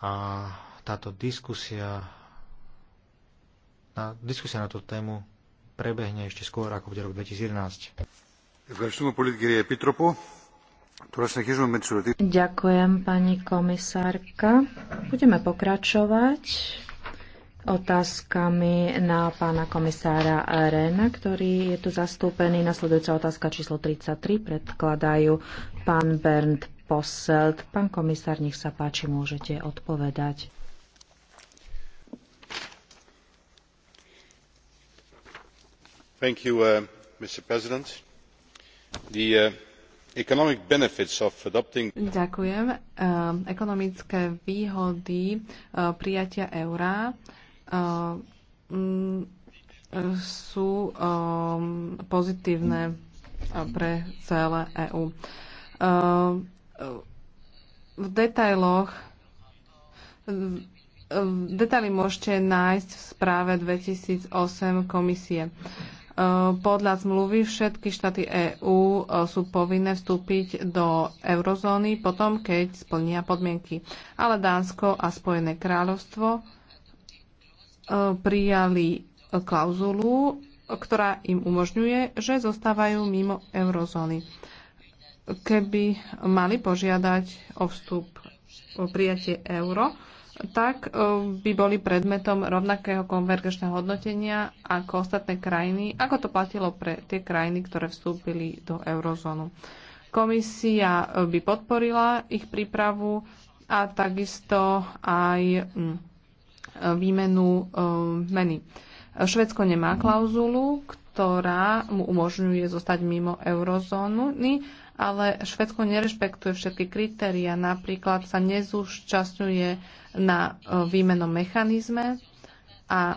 A táto diskusia na, diskusia na tú tému prebehne ešte skôr ako bude rok 2011. Ďakujem, Ďakujem, pani komisárka. Budeme pokračovať otázkami na pána komisára Rena, ktorý je tu zastúpený. Nasledujúca otázka číslo 33 predkladajú pán Bernd Posselt. Pán komisár, nech sa páči, môžete odpovedať. Thank you, uh, Mr. President. The uh, Ďakujem. Ehm, ekonomické výhody ehm, prijatia eura ehm, sú pozitívne pre celé EÚ. V detailoch Detaily môžete nájsť v správe 2008 komisie. Eh, podľa zmluvy všetky štáty EÚ eh, sú povinné vstúpiť do eurozóny potom, keď splnia podmienky. Ale Dánsko a Spojené kráľovstvo eh, prijali klauzulu, ktorá im umožňuje, že zostávajú mimo eurozóny. Keby mali požiadať o vstup o prijatie euro, tak e, by boli predmetom rovnakého konvergenčného hodnotenia ako ostatné krajiny, ako to platilo pre tie krajiny, ktoré vstúpili do eurozónu. Komisia e, by podporila ich prípravu a takisto aj mm, e, výmenu meny. Švedsko nemá klauzulu, ktorá mu umožňuje zostať mimo eurozóny, ale Švedsko nerešpektuje všetky kritéria, napríklad sa nezúčastňuje na e, výmenom mechanizme a e,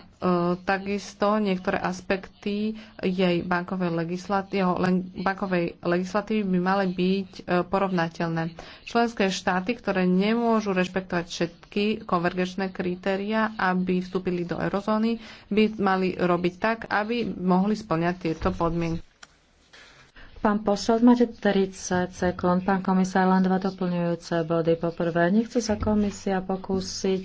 takisto niektoré aspekty jej bankovej legislatívy, jeho bankovej legislatívy by mali byť e, porovnateľné. Členské štáty, ktoré nemôžu rešpektovať všetky konvergenčné kritéria, aby vstúpili do eurozóny, by mali robiť tak, aby mohli splňať tieto podmienky. Pán posol, máte 30 sekúnd. Pán komisár, len dva doplňujúce body. Poprvé, nechce sa komisia pokúsiť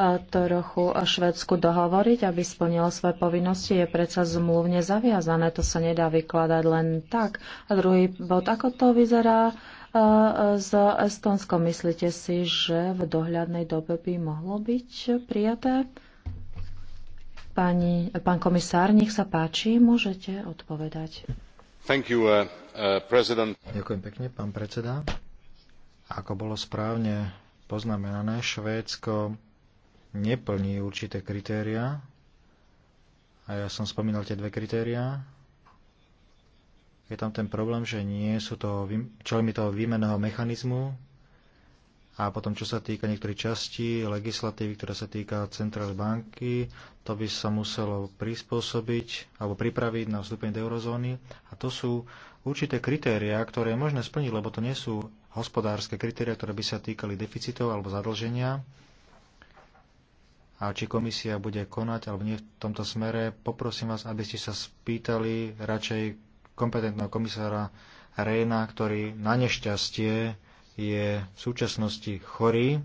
to e, trochu Švedsku dohovoriť, aby splnilo svoje povinnosti, je predsa zmluvne zaviazané, to sa nedá vykladať len tak. A druhý bod, ako to vyzerá e, s Estonskom? Myslíte si, že v dohľadnej dobe by mohlo byť prijaté? Pani, pán komisár, nech sa páči, môžete odpovedať. Uh, uh, Ďakujem pekne, pán predseda. Ako bolo správne poznamenané, Švédsko neplní určité kritéria. A ja som spomínal tie dve kritéria. Je tam ten problém, že nie sú to členmi toho výmenného mechanizmu, a potom, čo sa týka niektorých častí legislatívy, ktorá sa týka centrálnej banky, to by sa muselo prispôsobiť alebo pripraviť na vstúpenie do eurozóny. A to sú určité kritéria, ktoré je možné splniť, lebo to nie sú hospodárske kritéria, ktoré by sa týkali deficitov alebo zadlženia. A či komisia bude konať alebo nie v tomto smere, poprosím vás, aby ste sa spýtali radšej kompetentného komisára Rejna, ktorý na nešťastie je v súčasnosti chorý,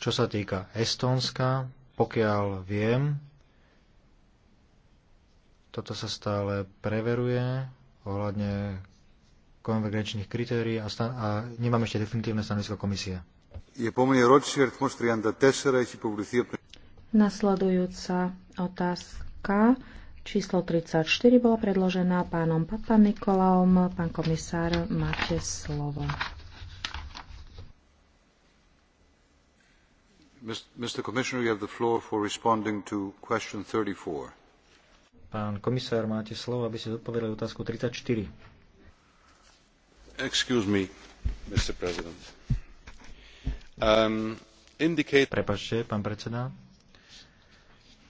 čo sa týka Estónska, pokiaľ viem, toto sa stále preveruje ohľadne konvergenčných kritérií a, stan- a nemám ešte definitívne stanovisko komisie. Nasledujúca otázka číslo 34 bola predložená pánom Papa Nikolaom. Pán komisár, máte slovo. Mr. Commissioner, you have the floor for responding to question 34. Pán komisár, máte slovo, aby ste zodpovedali otázku 34. Excuse me, Mr. President. Um, indicate... Prepačte, pán predseda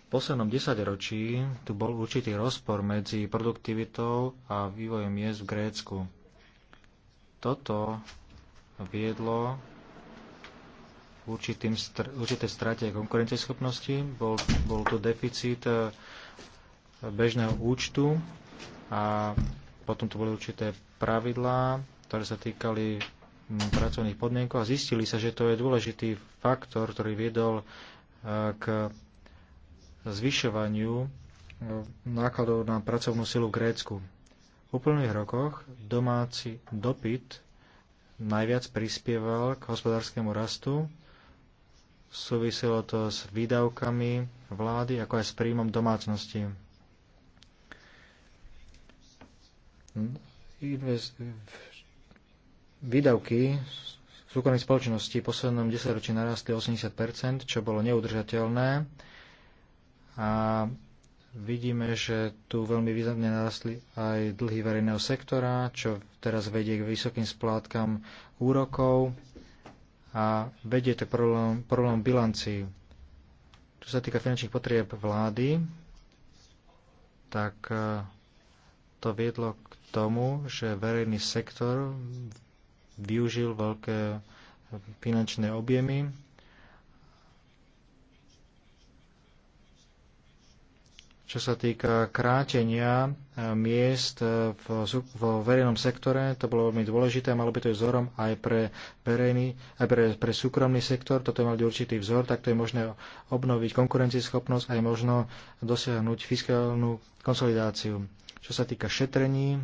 poslednom desaťročí tu bol určitý rozpor medzi produktivitou a vývojom miest v Grécku. Toto viedlo určitým, určité strate konkurencieschopnosti, bol, bol tu deficit e, bežného účtu a potom tu boli určité pravidlá, ktoré sa týkali pracovných podmienkov a zistili sa, že to je dôležitý faktor, ktorý viedol e, k zvyšovaniu e, nákladov na pracovnú silu v Grécku. V úplných rokoch domáci dopyt najviac prispieval k hospodárskému rastu. Súviselo to s výdavkami vlády, ako aj s príjmom domácnosti. Výdavky súkromných spoločností v poslednom ročí narastli 80 čo bolo neudržateľné a vidíme, že tu veľmi významne narastli aj dlhy verejného sektora, čo teraz vedie k vysokým splátkam úrokov a vedie to k problém, problém bilancií. Čo sa týka finančných potrieb vlády, tak e, to viedlo k tomu, že verejný sektor využil veľké finančné objemy Čo sa týka krátenia e, miest e, vo verejnom sektore, to bolo veľmi dôležité, malo by to byť vzorom aj pre, verejný, aj pre, pre súkromný sektor, toto je byť určitý vzor, tak to je možné obnoviť konkurencieschopnosť a je možno dosiahnuť fiskálnu konsolidáciu. Čo sa týka šetrení,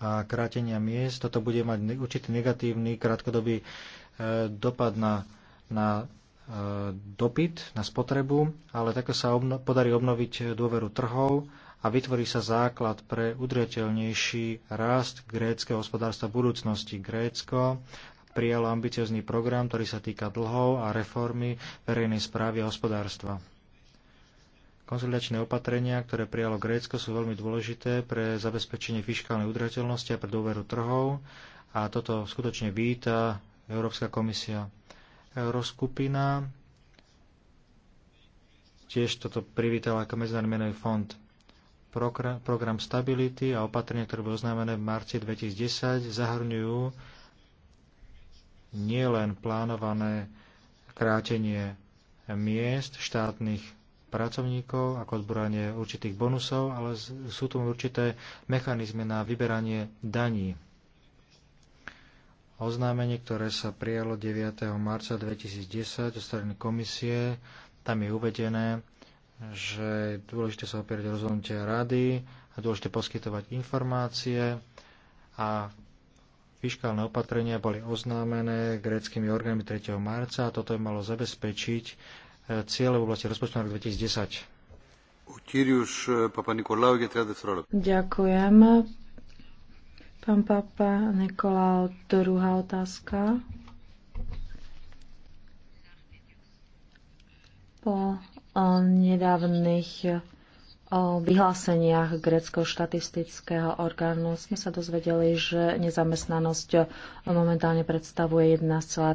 a krátenia miest. Toto bude mať určitý negatívny krátkodobý e, dopad na, na dopyt na spotrebu, ale také sa obno- podarí obnoviť dôveru trhov a vytvorí sa základ pre udržateľnejší rast gréckého hospodárstva v budúcnosti. Grécko prijalo ambiciozný program, ktorý sa týka dlhov a reformy verejnej správy a hospodárstva. Konsolidačné opatrenia, ktoré prijalo Grécko, sú veľmi dôležité pre zabezpečenie fiskálnej udržateľnosti a pre dôveru trhov a toto skutočne víta Európska komisia. Euroskupina tiež toto privítala ako Medzinárodný menový fond. Program stability a opatrenia, ktoré boli oznámené v marci 2010, zahrňujú nielen plánované krátenie miest štátnych pracovníkov, ako odboranie určitých bonusov, ale sú tu určité mechanizmy na vyberanie daní oznámenie, ktoré sa prijalo 9. marca 2010 zo strany komisie. Tam je uvedené, že je dôležité sa opierať rozhodnutia rozhodnutie rady a dôležité poskytovať informácie a fiskálne opatrenia boli oznámené gréckými orgánmi 3. marca a toto je malo zabezpečiť e, cieľe v oblasti rozpočtu na rok 2010. E, teda Ďakujem. Pán Papa Nikolao, druhá otázka. Po nedávnych O vyhláseniach greckého štatistického orgánu sme sa dozvedeli, že nezamestnanosť momentálne predstavuje 1,3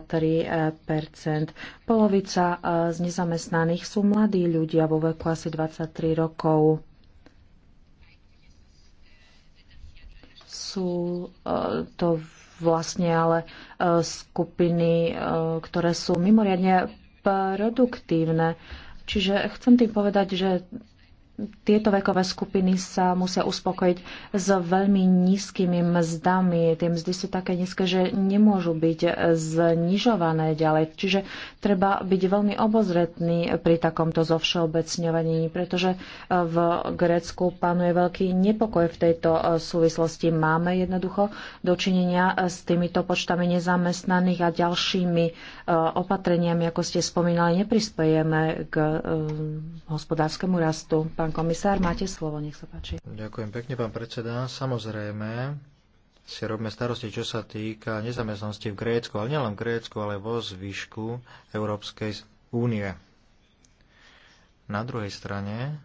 Polovica e, z nezamestnaných sú mladí ľudia vo veku asi 23 rokov. sú e, to vlastne ale e, skupiny, e, ktoré sú mimoriadne produktívne. Čiže chcem tým povedať, že tieto vekové skupiny sa musia uspokojiť s veľmi nízkymi mzdami. Tie mzdy sú také nízke, že nemôžu byť znižované ďalej. Čiže treba byť veľmi obozretný pri takomto zovšeobecňovaní, pretože v Grécku panuje veľký nepokoj v tejto súvislosti. Máme jednoducho dočinenia s týmito počtami nezamestnaných a ďalšími e, opatreniami, ako ste spomínali, neprispejeme k e, hospodárskemu rastu. Pán komisár, máte slovo, nech sa páči. Ďakujem pekne, pán predseda. Samozrejme, si robíme starosti, čo sa týka nezamestnanosti v Grécku, ale nielen v Grécku, ale vo zvyšku Európskej únie. Na druhej strane,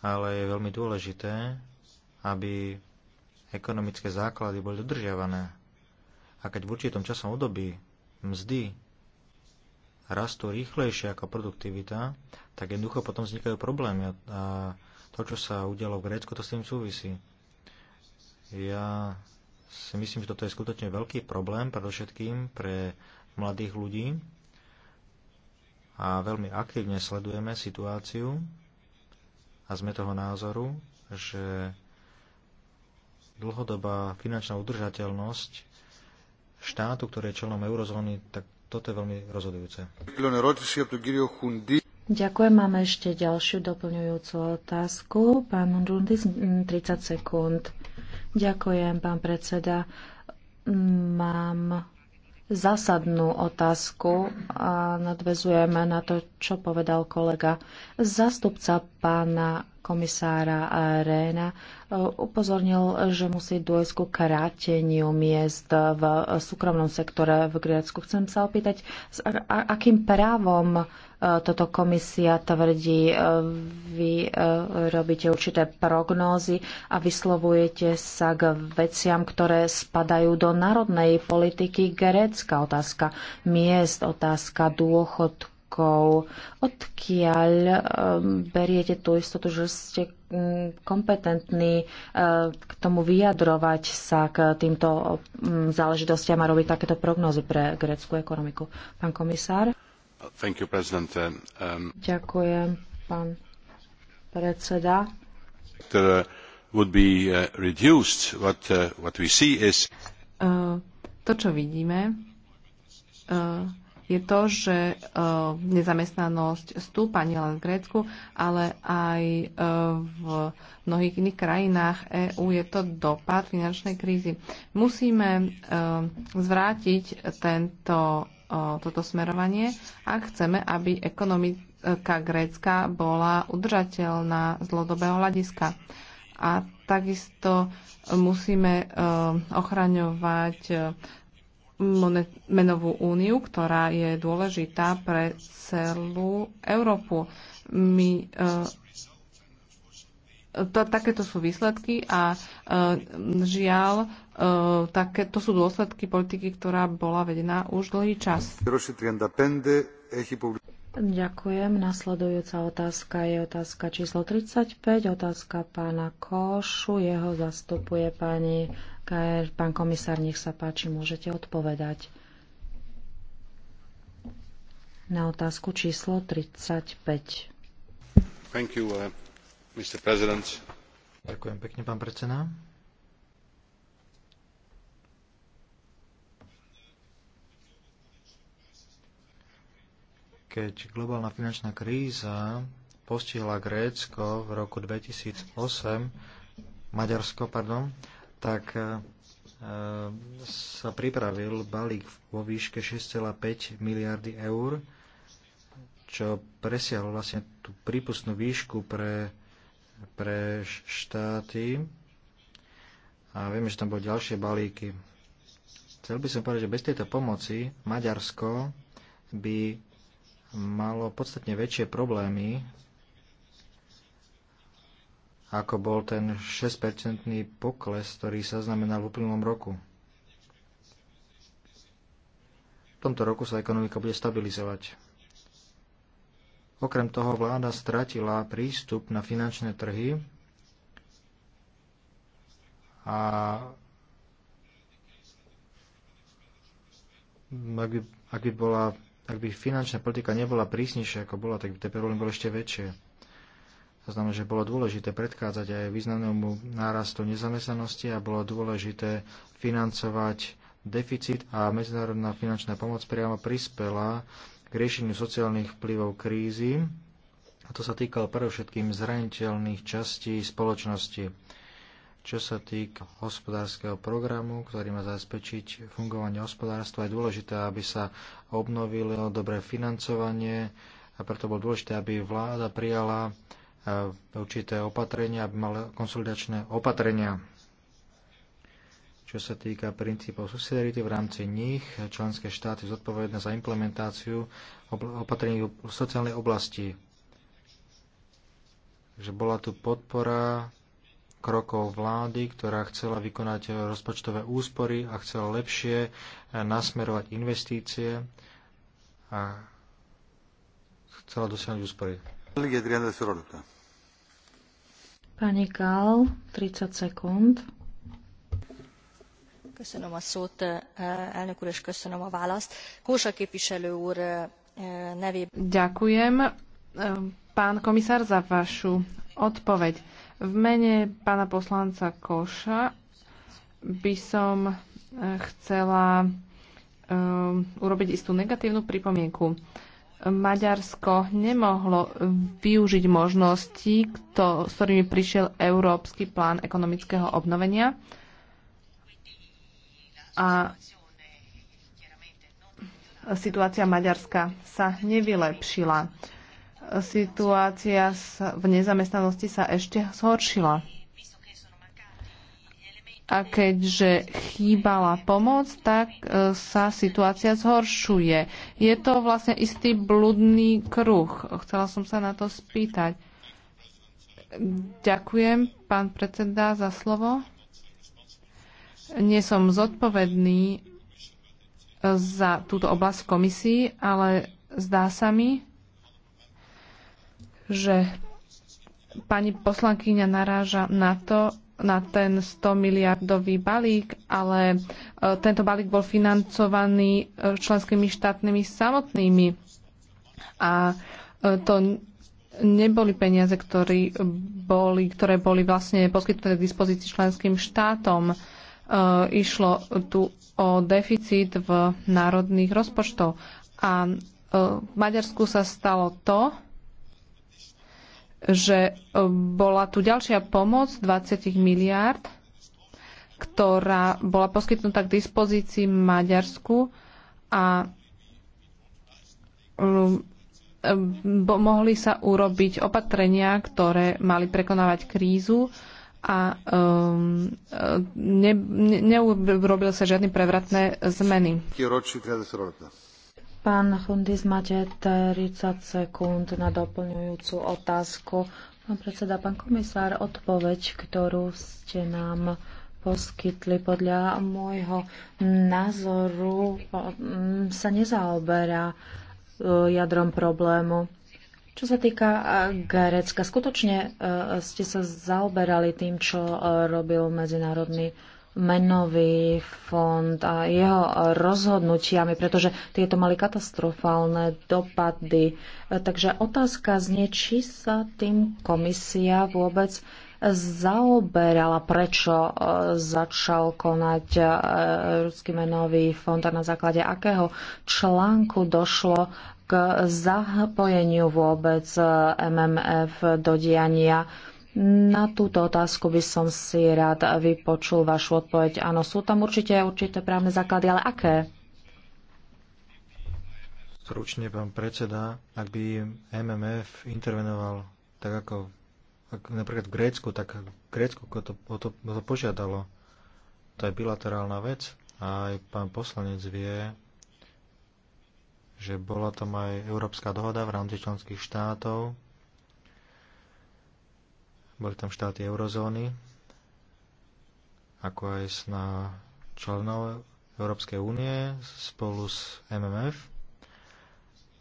ale je veľmi dôležité, aby ekonomické základy boli dodržiavané. A keď v určitom časom období mzdy rastú rýchlejšie ako produktivita, tak jednoducho potom vznikajú problémy a to, čo sa udialo v Grécku, to s tým súvisí. Ja si myslím, že toto je skutočne veľký problém, predovšetkým pre mladých ľudí a veľmi aktívne sledujeme situáciu a sme toho názoru, že dlhodobá finančná udržateľnosť štátu, ktorý je členom eurozóny, tak toto je veľmi rozhodujúce. Ďakujem. Máme ešte ďalšiu doplňujúcu otázku. Pán Hundundis, 30 sekúnd. Ďakujem, pán predseda. Mám zásadnú otázku a nadvezujeme na to, čo povedal kolega. Zastupca pána komisára Réna upozornil, že musí dôjsť ku kráteniu miest v súkromnom sektore v Grécku. Chcem sa opýtať, s akým právom toto komisia tvrdí, e, vy e, robíte určité prognózy a vyslovujete sa k veciam, ktoré spadajú do národnej politiky Grécka. Otázka miest, otázka dôchodkov. Odkiaľ e, beriete tú istotu, že ste kompetentní k tomu vyjadrovať sa k týmto záležitostiam a robiť takéto prognózy pre grécku ekonomiku? Pán komisár? Um, Ďakujem, pán predseda. Uh, uh, uh, to, čo vidíme, je to, že nezamestnanosť stúpa nielen v Grécku, ale aj v mnohých iných krajinách EÚ. Je to dopad finančnej krízy. Musíme zvrátiť tento toto smerovanie a chceme, aby ekonomika Grécka bola udržateľná z dlhodobého hľadiska. A takisto musíme e, ochraňovať e, menovú úniu, ktorá je dôležitá pre celú Európu. My e, to, takéto sú výsledky a uh, žiaľ, e, také, to sú dôsledky politiky, ktorá bola vedená už dlhý čas. Ďakujem. Nasledujúca otázka je otázka číslo 35, otázka pána Košu. Jeho zastupuje pani Kajer. Pán komisár, nech sa páči, môžete odpovedať. Na otázku číslo 35. Thank you, uh... Ďakujem pekne, pán predseda. Keď globálna finančná kríza postihla Grécko v roku 2008, Maďarsko, pardon, tak e, sa pripravil balík vo výške 6,5 miliardy eur, čo presiahlo vlastne tú prípustnú výšku pre pre štáty a vieme, že tam boli ďalšie balíky. Chcel by som povedať, že bez tejto pomoci Maďarsko by malo podstatne väčšie problémy, ako bol ten 6-percentný pokles, ktorý sa znamenal v uplynulom roku. V tomto roku sa ekonomika bude stabilizovať. Okrem toho vláda stratila prístup na finančné trhy a ak by, ak by, bola, ak by finančná politika nebola prísnejšia, ako bola, tak by tie problémy boli ešte väčšie. To znamená, že bolo dôležité predchádzať aj významnému nárastu nezamestnanosti a bolo dôležité financovať deficit a medzinárodná finančná pomoc priamo prispela k riešeniu sociálnych vplyvov krízy. A to sa týkalo predovšetkým zraniteľných častí spoločnosti. Čo sa týka hospodárskeho programu, ktorý má zabezpečiť fungovanie hospodárstva, je dôležité, aby sa obnovilo dobré financovanie a preto bolo dôležité, aby vláda prijala eh, určité opatrenia, aby mala konsolidačné opatrenia čo sa týka princípov subsidiarity. V rámci nich členské štáty zodpovedné za implementáciu opatrení v sociálnej oblasti. Takže bola tu podpora krokov vlády, ktorá chcela vykonať rozpočtové úspory a chcela lepšie eh, nasmerovať investície a chcela dosiahnuť úspory. Pani Kal, 30 sekúnd. Köszönöm a szót, elnök úr, és köszönöm a választ. Kósa képviselő úr nevében. Ďakujem, pán komisár, za vašu odpoveď. V mene pána poslanca Koša by som e, chcela e, urobiť istú negatívnu pripomienku. Maďarsko nemohlo využiť možnosti, s ktorými prišiel Európsky plán ekonomického obnovenia a situácia Maďarska sa nevylepšila. Situácia v nezamestnanosti sa ešte zhoršila. A keďže chýbala pomoc, tak e, sa situácia zhoršuje. Je to vlastne istý bludný kruh. Chcela som sa na to spýtať. Ďakujem, pán predseda, za slovo. Nie som zodpovedný za túto oblasť v komisii, ale zdá sa mi, že pani poslankyňa naráža na to, na ten 100 miliardový balík, ale e, tento balík bol financovaný e, členskými štátnymi samotnými. A e, to neboli peniaze, ktoré boli, ktoré boli vlastne poskytnuté k dispozícii členským štátom. Eh, išlo tu o deficit v národných rozpočtov. A eh, v Maďarsku sa stalo to, že eh, bola tu ďalšia pomoc 20 miliárd, ktorá bola poskytnutá k dispozícii Maďarsku a mohli sa urobiť opatrenia, ktoré mali prekonávať krízu a um, ne, ne, neurobil sa žiadne prevratné zmeny. Pán Hundis, máte 30 sekúnd na doplňujúcu otázku. Pán predseda, pán komisár, odpoveď, ktorú ste nám poskytli podľa môjho názoru, mm, sa nezaoberá e, jadrom problému čo sa týka eh, Grécka, skutočne eh, ste sa zaoberali tým, čo eh, robil Medzinárodný menový fond a jeho rozhodnutiami, pretože tieto mali katastrofálne dopady. Takže otázka znie, či sa tým komisia vôbec zaoberala, prečo začal konať Ruský menový fond a na základe akého článku došlo k zapojeniu vôbec eh, MMF do diania. Na túto otázku by som si rád vypočul vašu odpoveď. Áno, sú tam určite určité právne základy, ale aké? Stručne, pán predseda, ak by MMF intervenoval tak ako ak napríklad v Grécku, tak Grécku to, o to, o to požiadalo. To je bilaterálna vec a aj pán poslanec vie, že bola tam aj európska dohoda v rámci členských štátov. Boli tam štáty eurozóny, ako aj na členov Európskej únie spolu s MMF.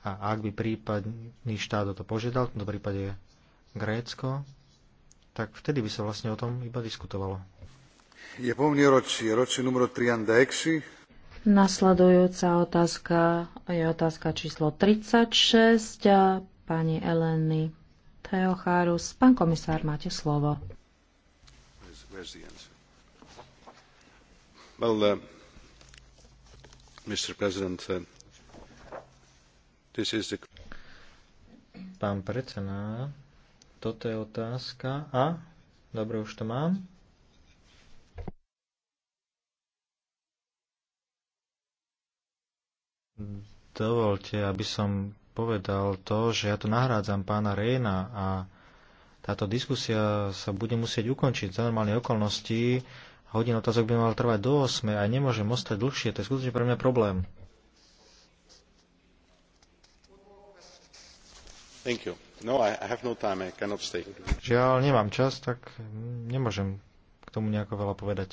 A ak by prípadný štát o to požiadal, v tomto prípade Grécko, tak vtedy by sa vlastne o tom iba diskutovalo. Je pomne ročí, ročí numero 36, Nasledujúca otázka je otázka číslo 36 pani Eleny Teocharus. Pán komisár, máte slovo. well, uh, Mr. President, uh, this is the... Pán predseda, toto je otázka. A? Dobre, už to mám. Dovolte, aby som povedal to, že ja tu nahrádzam pána Rejna a táto diskusia sa bude musieť ukončiť za normálne okolnosti. Hodina otázok by mal trvať do 8 a nemôžem ostať dlhšie. To je skutočne pre mňa problém. Thank you. No, I have no time. I cannot stay. Žiaľ, nemám čas, tak nemôžem k tomu nejako veľa povedať.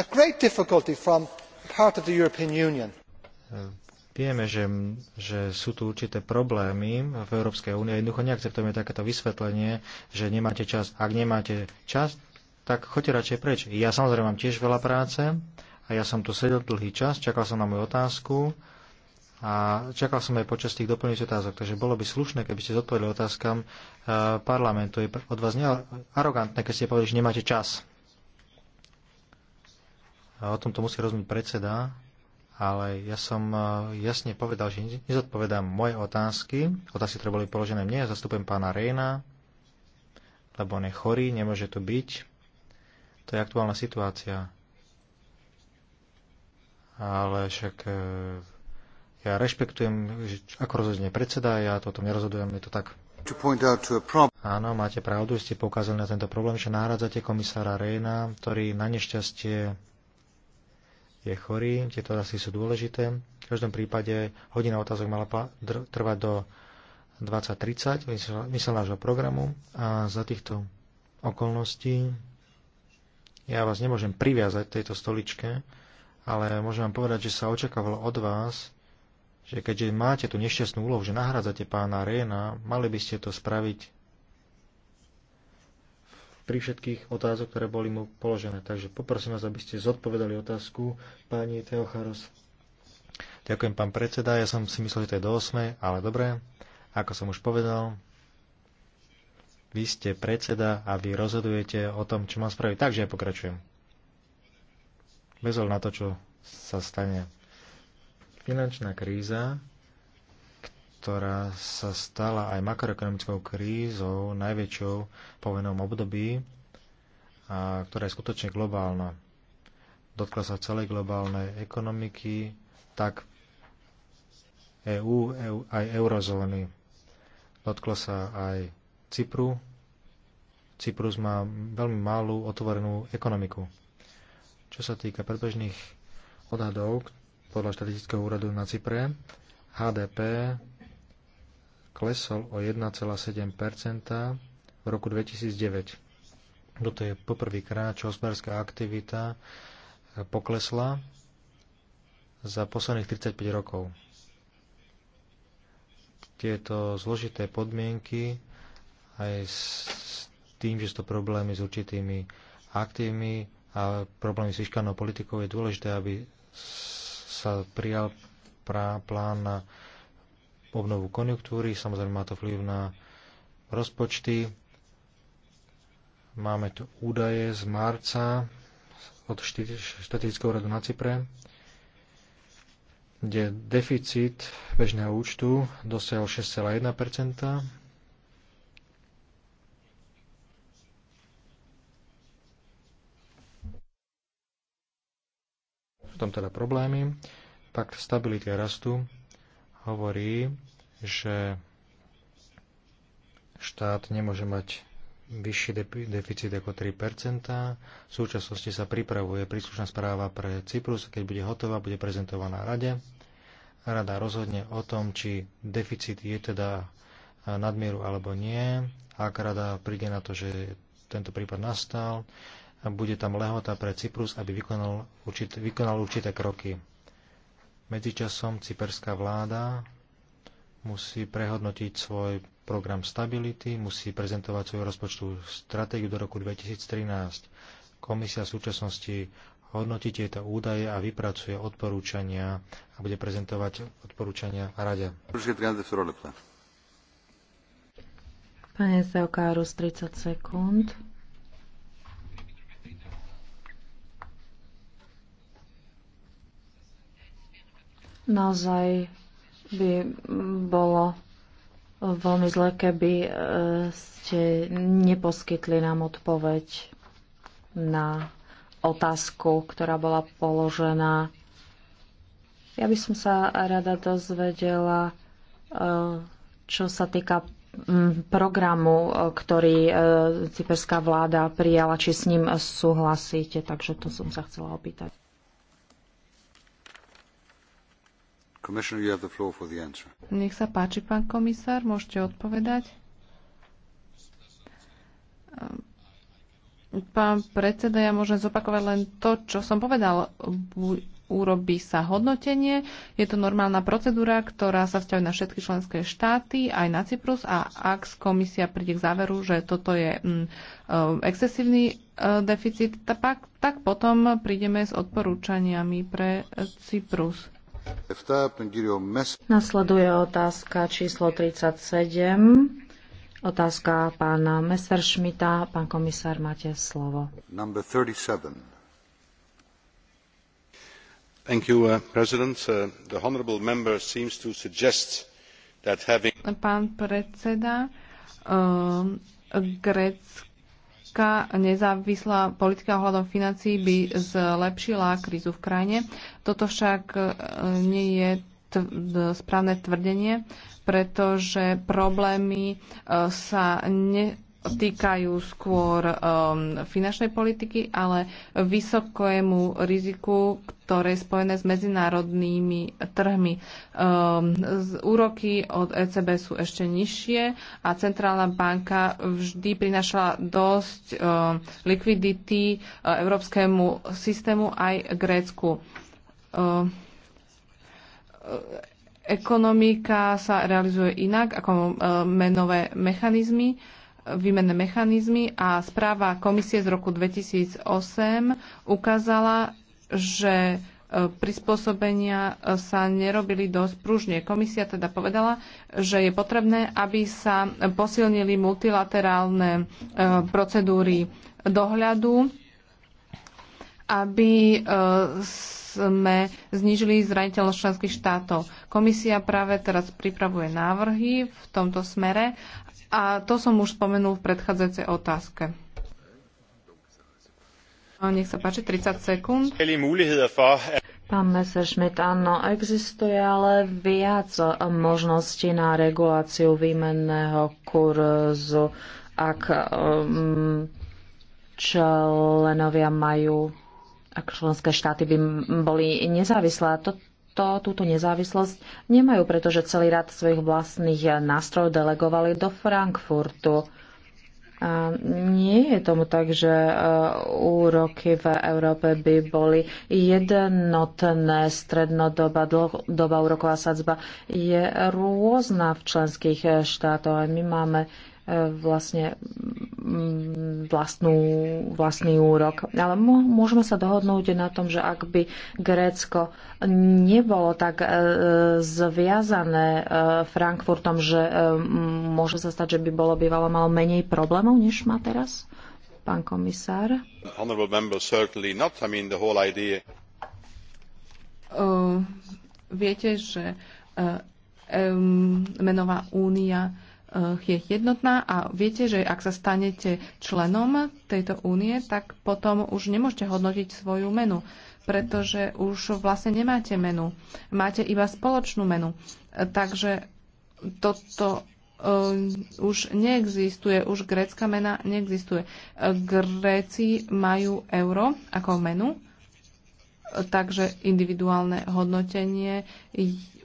A great difficulty from part of the European Union Vieme, že, že sú tu určité problémy v Európskej únii. Jednoducho neakceptujeme takéto vysvetlenie, že nemáte čas. Ak nemáte čas, tak choďte radšej preč. Ja samozrejme mám tiež veľa práce a ja som tu sedel dlhý čas, čakal som na moju otázku a čakal som aj počas tých doplňujúcich otázok. Takže bolo by slušné, keby ste zodpovedali otázkam eh, parlamentu. Je od vás arogantné, keď ste povedali, že nemáte čas. A o tomto musí rozumieť predseda ale ja som e, jasne povedal, že nezodpovedám moje otázky, otázky, ktoré boli položené mne, ja zastupujem pána Rejna, lebo on je chorý, nemôže tu byť. To je aktuálna situácia. Ale však e, ja rešpektujem, že ako rozhodne predseda, ja to o tom nerozhodujem, je to tak. Áno, máte pravdu, ste poukázali na tento problém, že nahrádzate komisára Rejna, ktorý na nešťastie je chorý. Tieto otázky sú dôležité. V každom prípade hodina otázok mala trvať do 2030, myslel nášho programu. A za týchto okolností ja vás nemôžem priviazať tejto stoličke, ale môžem vám povedať, že sa očakávalo od vás, že keďže máte tú nešťastnú úlohu, že nahrádzate pána Réna, mali by ste to spraviť pri všetkých otázok, ktoré boli mu položené. Takže poprosím vás, aby ste zodpovedali otázku pani Teocharos. Ďakujem, pán predseda. Ja som si myslel, že to je do 8, ale dobre. Ako som už povedal, vy ste predseda a vy rozhodujete o tom, čo mám spraviť. Takže ja pokračujem. Bez na to, čo sa stane. Finančná kríza ktorá sa stala aj makroekonomickou krízou, najväčšou po období, a ktorá je skutočne globálna. Dotkla sa celej globálnej ekonomiky, tak EÚ, EU, aj eurozóny. Dotklo sa aj Cypru. Cyprus má veľmi malú otvorenú ekonomiku. Čo sa týka predbežných odhadov podľa štatistického úradu na Cypre, HDP klesol o 1,7 v roku 2009. Toto je poprvýkrát, čo hospodárska aktivita e, poklesla za posledných 35 rokov. Tieto zložité podmienky aj s tým, že sú to problémy s určitými aktívmi a problémy s fiskálnou politikou, je dôležité, aby sa prijal plán na obnovu konjunktúry, samozrejme má to vplyv na rozpočty. Máme tu údaje z marca od štatického radu na Cypre, kde deficit bežného účtu dosiahol 6,1 Sú tam teda problémy. Pakt stability a rastu hovorí, že štát nemôže mať vyšší deficit ako 3 V súčasnosti sa pripravuje príslušná správa pre Cyprus. Keď bude hotová, bude prezentovaná Rade. Rada rozhodne o tom, či deficit je teda nadmieru alebo nie. Ak rada príde na to, že tento prípad nastal, bude tam lehota pre Cyprus, aby vykonal, určit, vykonal určité kroky. Medzičasom cyperská vláda musí prehodnotiť svoj program stability, musí prezentovať svoju rozpočtovú stratégiu do roku 2013. Komisia v súčasnosti hodnotí tieto údaje a vypracuje odporúčania a bude prezentovať odporúčania rade. Pane Zaukáru, 30 sekúnd. Naozaj by bolo veľmi zle, keby e, ste neposkytli nám odpoveď na otázku, ktorá bola položená. Ja by som sa rada dozvedela, e, čo sa týka programu, e, ktorý cyperská vláda prijala, či s ním súhlasíte. Takže to som sa chcela opýtať. Nech sa páči, pán komisár, môžete odpovedať. Ehm, pán predseda, ja môžem zopakovať len to, čo som povedal. Urobí sa hodnotenie. Je to normálna procedúra, ktorá sa vzťahuje na všetky členské štáty, aj na Cyprus. A ak komisia príde k záveru, že toto je mm, ehm, excesívny ehm, deficit, tak, tak potom prídeme s odporúčaniami pre Cyprus. Nasleduje otázka číslo 37. Otázka pána Messerschmitta. Pán komisár, máte slovo. You, uh, uh, having... Pán predseda, uh, um, grécka Európska nezávislá politika ohľadom financií by zlepšila krízu v krajine. Toto však e, nie je správne tvrdenie, pretože problémy e, sa ne týkajú skôr um, finančnej politiky, ale vysokému riziku, ktoré je spojené s medzinárodnými trhmi. Um, z úroky od ECB sú ešte nižšie a Centrálna banka vždy prinašala dosť um, likvidity uh, európskemu systému aj Grécku. Um, e, ekonomika sa realizuje inak ako uh, menové mechanizmy výmenné mechanizmy a správa komisie z roku 2008 ukázala, že e, prispôsobenia e, sa nerobili dosť pružne. Komisia teda povedala, že je potrebné, aby sa posilnili multilaterálne e, procedúry dohľadu, aby sme znížili zraniteľnosť členských štátov. Komisia práve teraz pripravuje návrhy v tomto smere a to som už spomenul v predchádzajúcej otázke. A no, nech sa páči, 30 sekúnd. Pán Messerschmidt, áno, existuje ale viac možností na reguláciu výmenného kurzu, ak um, členovia majú ak členské štáty by boli nezávislé. A to, to, túto nezávislosť nemajú, pretože celý rad svojich vlastných nástrojov delegovali do Frankfurtu. A nie je tomu tak, že e, úroky v Európe by boli jednotné. Strednodoba, dlhodoba úroková sadzba je rôzna v členských štátoch. A my máme vlastne mm, vlastnú, vlastný úrok. Ale môžeme sa dohodnúť na tom, že ak by Grécko nebolo tak e, zviazané e, Frankfurtom, že e, môže sa stať, že by bolo bývalo malo menej problémov, než má teraz? Pán komisár? Honorable member, certainly not. I mean, the whole idea... Uh, viete, že uh, um, menová únia uh, Eh, je jednotná a viete, že ak sa stanete členom tejto únie, tak potom už nemôžete hodnotiť svoju menu, pretože už vlastne nemáte menu. Máte iba spoločnú menu. Takže toto uh, už neexistuje, už grécka mena neexistuje. Eh, Gréci majú euro ako menu Takže individuálne hodnotenie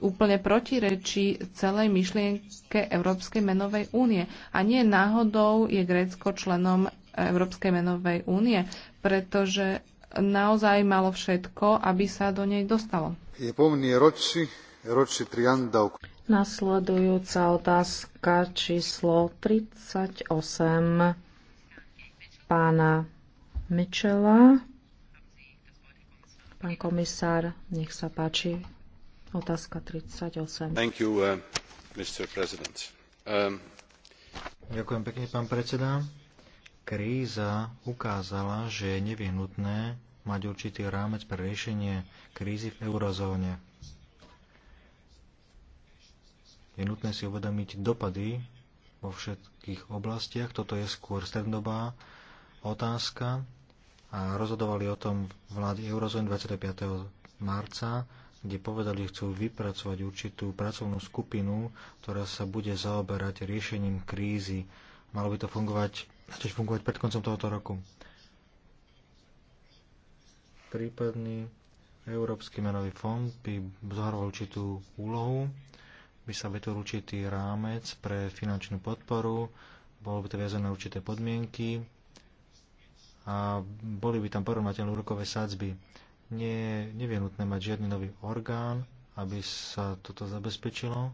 úplne protirečí celej myšlienke Európskej menovej únie. A nie náhodou je Grécko členom Európskej menovej únie, pretože naozaj malo všetko, aby sa do nej dostalo. Nasledujúca otázka číslo 38 pána Michela. Pán komisár, nech sa páči. Otázka 38. Thank you, uh, Mr. President. Um... Ďakujem pekne, pán predseda. Kríza ukázala, že je nevyhnutné mať určitý rámec pre riešenie krízy v eurozóne. Je nutné si uvedomiť dopady vo všetkých oblastiach. Toto je skôr strednodobá otázka a rozhodovali o tom vlády eurozóny 25. marca, kde povedali, že chcú vypracovať určitú pracovnú skupinu, ktorá sa bude zaoberať riešením krízy. Malo by to fungovať, začať fungovať pred koncom tohoto roku. Prípadný Európsky menový fond by zohral určitú úlohu, by sa vytvoril určitý rámec pre finančnú podporu, bolo by to viazané určité podmienky, a boli by tam porovnateľné úrokové sadzby. Nie, nevie nutné mať žiadny nový orgán, aby sa toto zabezpečilo.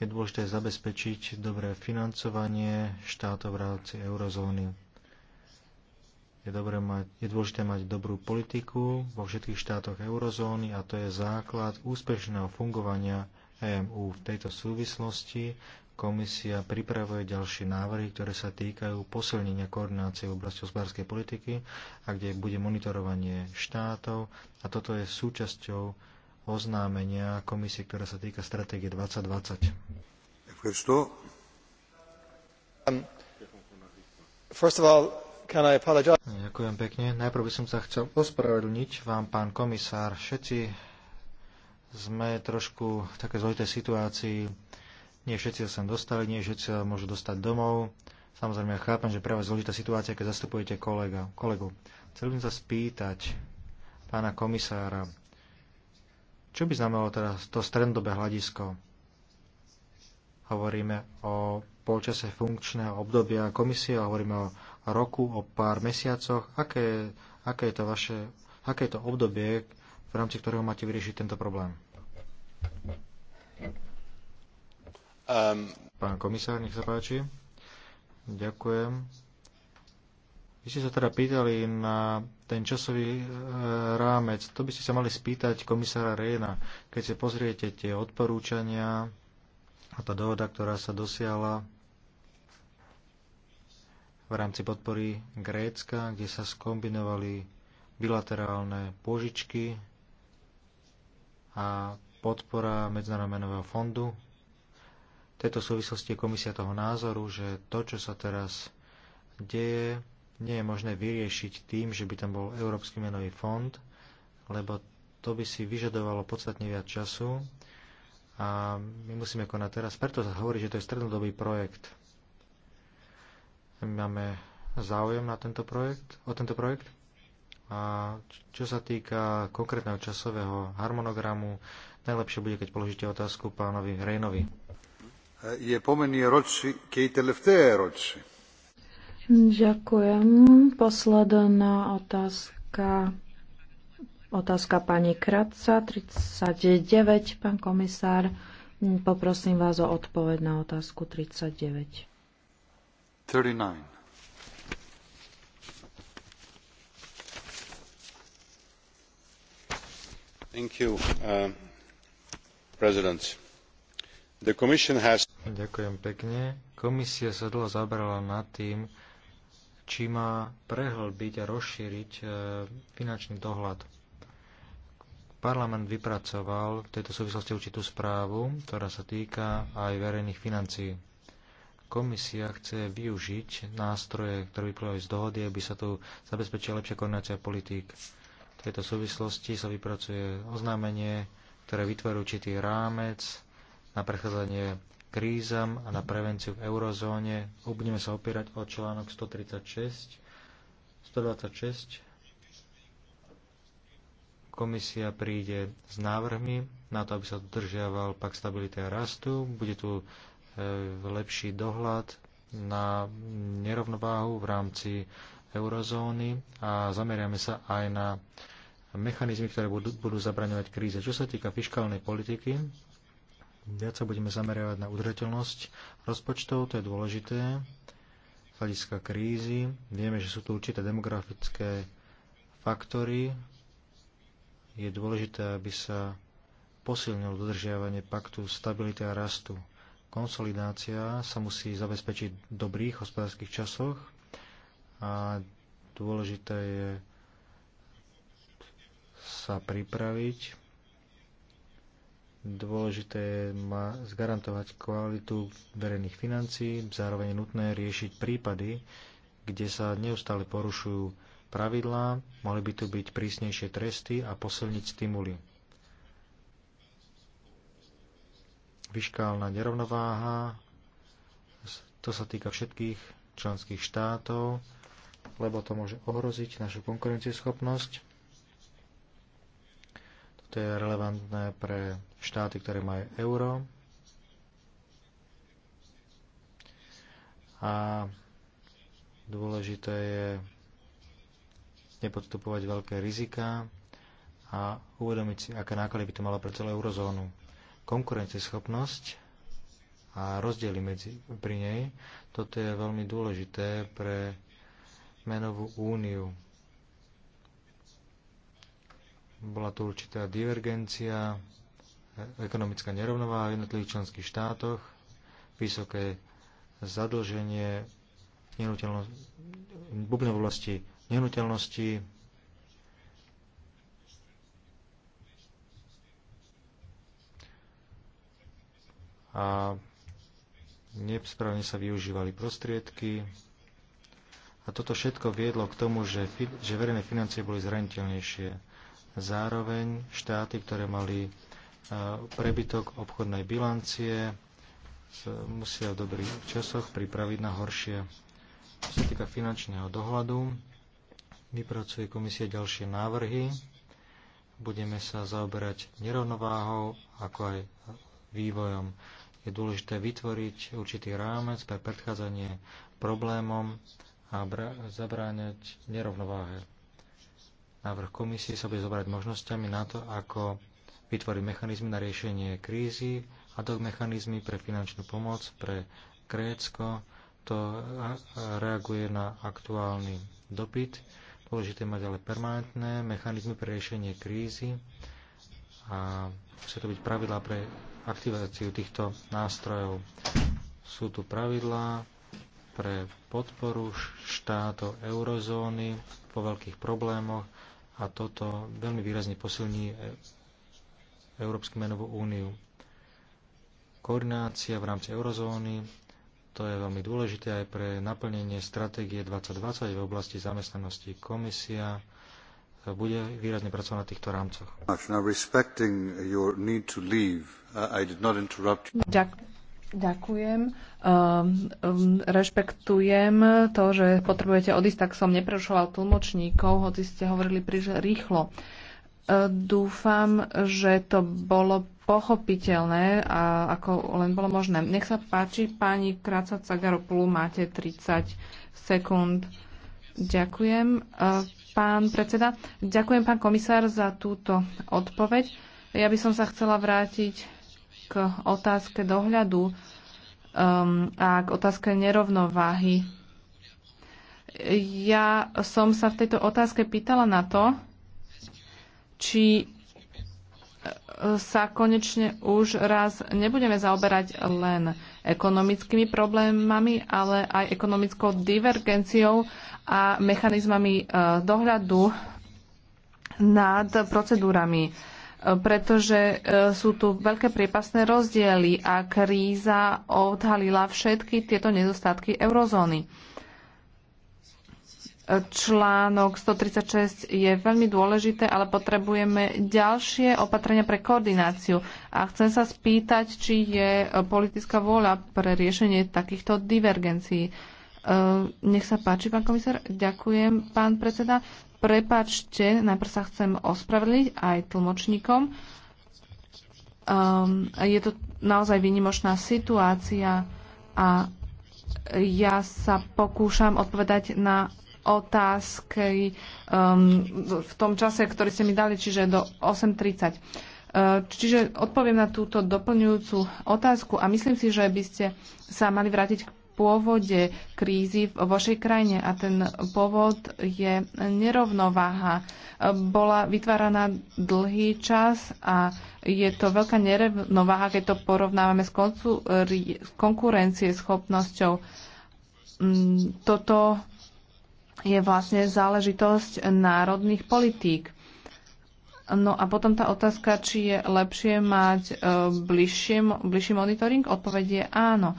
Je dôležité zabezpečiť dobré financovanie štátov v rámci eurozóny. Je, dobré mať, je dôležité mať dobrú politiku vo všetkých štátoch eurozóny a to je základ úspešného fungovania EMU. V tejto súvislosti komisia pripravuje ďalšie návrhy, ktoré sa týkajú posilnenia koordinácie v oblasti hospodárskej politiky a kde bude monitorovanie štátov. A toto je súčasťou oznámenia komisie, ktorá sa týka stratégie 2020. Um, Ďakujem pekne. Najprv by som sa chcel ospravedlniť vám, pán komisár. Všetci sme trošku v také zložitej situácii nie všetci sa sem dostali, nie všetci sa môžu dostať domov. Samozrejme, ja chápem, že pre vás zložitá situácia, keď zastupujete kolega, kolegu. Chcel by som sa spýtať pána komisára, čo by znamenalo teraz to strendobé hľadisko? Hovoríme o polčase funkčného obdobia komisie, hovoríme o roku, o pár mesiacoch. Aké, aké, je, to vaše, aké je to obdobie, v rámci ktorého máte vyriešiť tento problém? Um... Pán komisár, nech sa páči. Ďakujem. Vy ste sa teda pýtali na ten časový e, rámec. To by ste sa mali spýtať komisára Rejna, keď si pozriete tie odporúčania a tá dohoda, ktorá sa dosiala v rámci podpory Grécka, kde sa skombinovali bilaterálne požičky a podpora Medzinárodného fondu tejto súvislosti je komisia toho názoru, že to, čo sa teraz deje, nie je možné vyriešiť tým, že by tam bol Európsky menový fond, lebo to by si vyžadovalo podstatne viac času a my musíme konať teraz. Preto sa hovorí, že to je strednodobý projekt. My máme záujem na tento projekt, o tento projekt. A čo sa týka konkrétneho časového harmonogramu, najlepšie bude, keď položíte otázku pánovi Rejnovi. Ďakujem. Posledná otázka. Otázka pani Kratca, 39. Pán komisár, poprosím vás o odpoveď na otázku 39. 39. Thank you, uh, President. Ďakujem pekne. Komisia sa dlho zabrala nad tým, či má prehlbiť a rozšíriť e, finančný dohľad. Parlament vypracoval v tejto súvislosti určitú správu, ktorá sa týka aj verejných financií. Komisia chce využiť nástroje, ktoré vyplývajú z dohody, aby sa tu zabezpečila lepšia koordinácia politík. V tejto súvislosti sa vypracuje oznámenie, ktoré vytvorí určitý rámec na prechádzanie krízam a na prevenciu v eurozóne. Budeme sa opierať o článok 136, 126. Komisia príde s návrhmi na to, aby sa dodržiaval pak stability a rastu. Bude tu e, lepší dohľad na nerovnováhu v rámci eurozóny a zameriame sa aj na mechanizmy, ktoré budú, budú zabraňovať kríze. Čo sa týka fiskálnej politiky, viac sa budeme zameriavať na udržateľnosť rozpočtov, to je dôležité, z hľadiska krízy. Vieme, že sú tu určité demografické faktory. Je dôležité, aby sa posilnilo dodržiavanie paktu stability a rastu. Konsolidácia sa musí zabezpečiť v dobrých hospodárskych časoch a dôležité je sa pripraviť Dôležité má zgarantovať kvalitu verejných financií, zároveň je nutné riešiť prípady, kde sa neustále porušujú pravidlá, mali by tu byť prísnejšie tresty a posilniť stimuly. Vyškálna nerovnováha, to sa týka všetkých členských štátov, lebo to môže ohroziť našu konkurencieschopnosť to je relevantné pre štáty, ktoré majú euro. A dôležité je nepodstupovať veľké rizika a uvedomiť si, aké náklady by to malo pre celú eurozónu. Konkurencieschopnosť a rozdiely medzi, pri nej, toto je veľmi dôležité pre menovú úniu bola tu určitá divergencia, ekonomická nerovnováha v jednotlivých členských štátoch, vysoké zadlženie bubne v oblasti nehnuteľnosti, a nesprávne sa využívali prostriedky. A toto všetko viedlo k tomu, že, že verejné financie boli zraniteľnejšie. Zároveň štáty, ktoré mali e, prebytok obchodnej bilancie, musia v dobrých časoch pripraviť na horšie. Čo sa týka finančného dohľadu, vypracuje komisia ďalšie návrhy. Budeme sa zaoberať nerovnováhou, ako aj vývojom. Je dôležité vytvoriť určitý rámec pre predchádzanie problémom a zabráňať nerovnováhe. Návrh komisie sa bude zobrať možnosťami na to, ako vytvoriť mechanizmy na riešenie krízy, a to mechanizmy pre finančnú pomoc pre Grécko. To reaguje na aktuálny dopyt. Dôležité mať ale permanentné mechanizmy pre riešenie krízy a musia to byť pravidlá pre aktiváciu týchto nástrojov. Sú tu pravidlá pre podporu štátov eurozóny po veľkých problémoch a toto veľmi výrazne posilní e, Európsku menovú úniu. Koordinácia v rámci eurozóny, to je veľmi dôležité aj pre naplnenie stratégie 2020 v oblasti zamestnanosti. Komisia e, bude výrazne pracovať na týchto rámcoch. Ďakujem. Ďakujem. Um, um, rešpektujem to, že potrebujete odísť, tak som neprerušoval tlmočníkov, hoci ste hovorili príliš rýchlo. Uh, dúfam, že to bolo pochopiteľné, a ako len bolo možné. Nech sa páči, pani Kráca Cagaropulu, máte 30 sekúnd. Ďakujem, e, pán predseda. Ďakujem, pán komisár, za túto odpoveď. Ja by som sa chcela vrátiť k otázke dohľadu um, a k otázke nerovnováhy. Ja som sa v tejto otázke pýtala na to, či e, sa konečne už raz nebudeme zaoberať len ekonomickými problémami, ale aj ekonomickou divergenciou a mechanizmami e, dohľadu nad procedúrami pretože e, sú tu veľké priepasné rozdiely a kríza odhalila všetky tieto nedostatky eurozóny. Článok 136 je veľmi dôležité, ale potrebujeme ďalšie opatrenia pre koordináciu. A chcem sa spýtať, či je politická vôľa pre riešenie takýchto divergencií. E, nech sa páči, pán komisár. Ďakujem, pán predseda. Prepačte, najprv sa chcem ospravedliť aj tlmočníkom. Um, je to naozaj výnimočná situácia a ja sa pokúšam odpovedať na otázky um, v tom čase, ktorý ste mi dali, čiže do 8.30. Uh, čiže odpoviem na túto doplňujúcu otázku a myslím si, že by ste sa mali vrátiť k pôvode krízy vo vašej krajine a ten pôvod je nerovnováha. Bola vytváraná dlhý čas a je to veľká nerovnováha, keď to porovnávame s, koncu, s mm, Toto je vlastne záležitosť národných politík. No a potom tá otázka, či je lepšie mať e, bližšie, bližší monitoring, odpoveď je áno. E,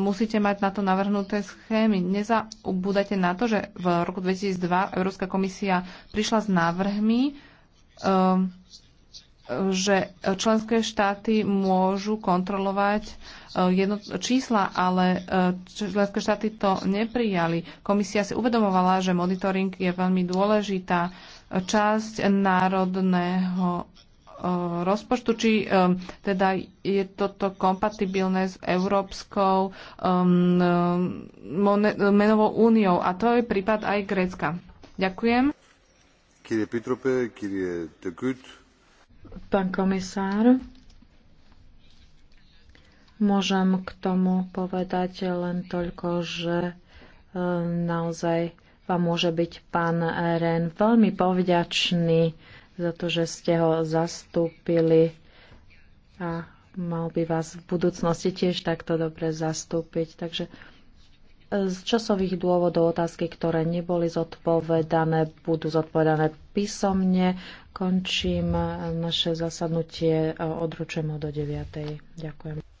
musíte mať na to navrhnuté schémy. Nezabúdajte na to, že v roku 2002 Európska komisia prišla s návrhmi, e, že členské štáty môžu kontrolovať jedno, čísla, ale členské štáty to neprijali. Komisia si uvedomovala, že monitoring je veľmi dôležitá časť národného e, rozpočtu, či um, teda je toto kompatibilné s Európskou um, menovou úniou. A to je prípad aj Grécka. Ďakujem. Kyrie Pitrope, kyrie Pán komisár, môžem k tomu povedať len toľko, že um, naozaj vám môže byť pán Ren veľmi povďačný za to, že ste ho zastúpili a mal by vás v budúcnosti tiež takto dobre zastúpiť. Takže e, z časových dôvodov otázky, ktoré neboli zodpovedané, budú zodpovedané písomne. Končím e, naše zasadnutie, e, odručujem ho do 9. Ďakujem.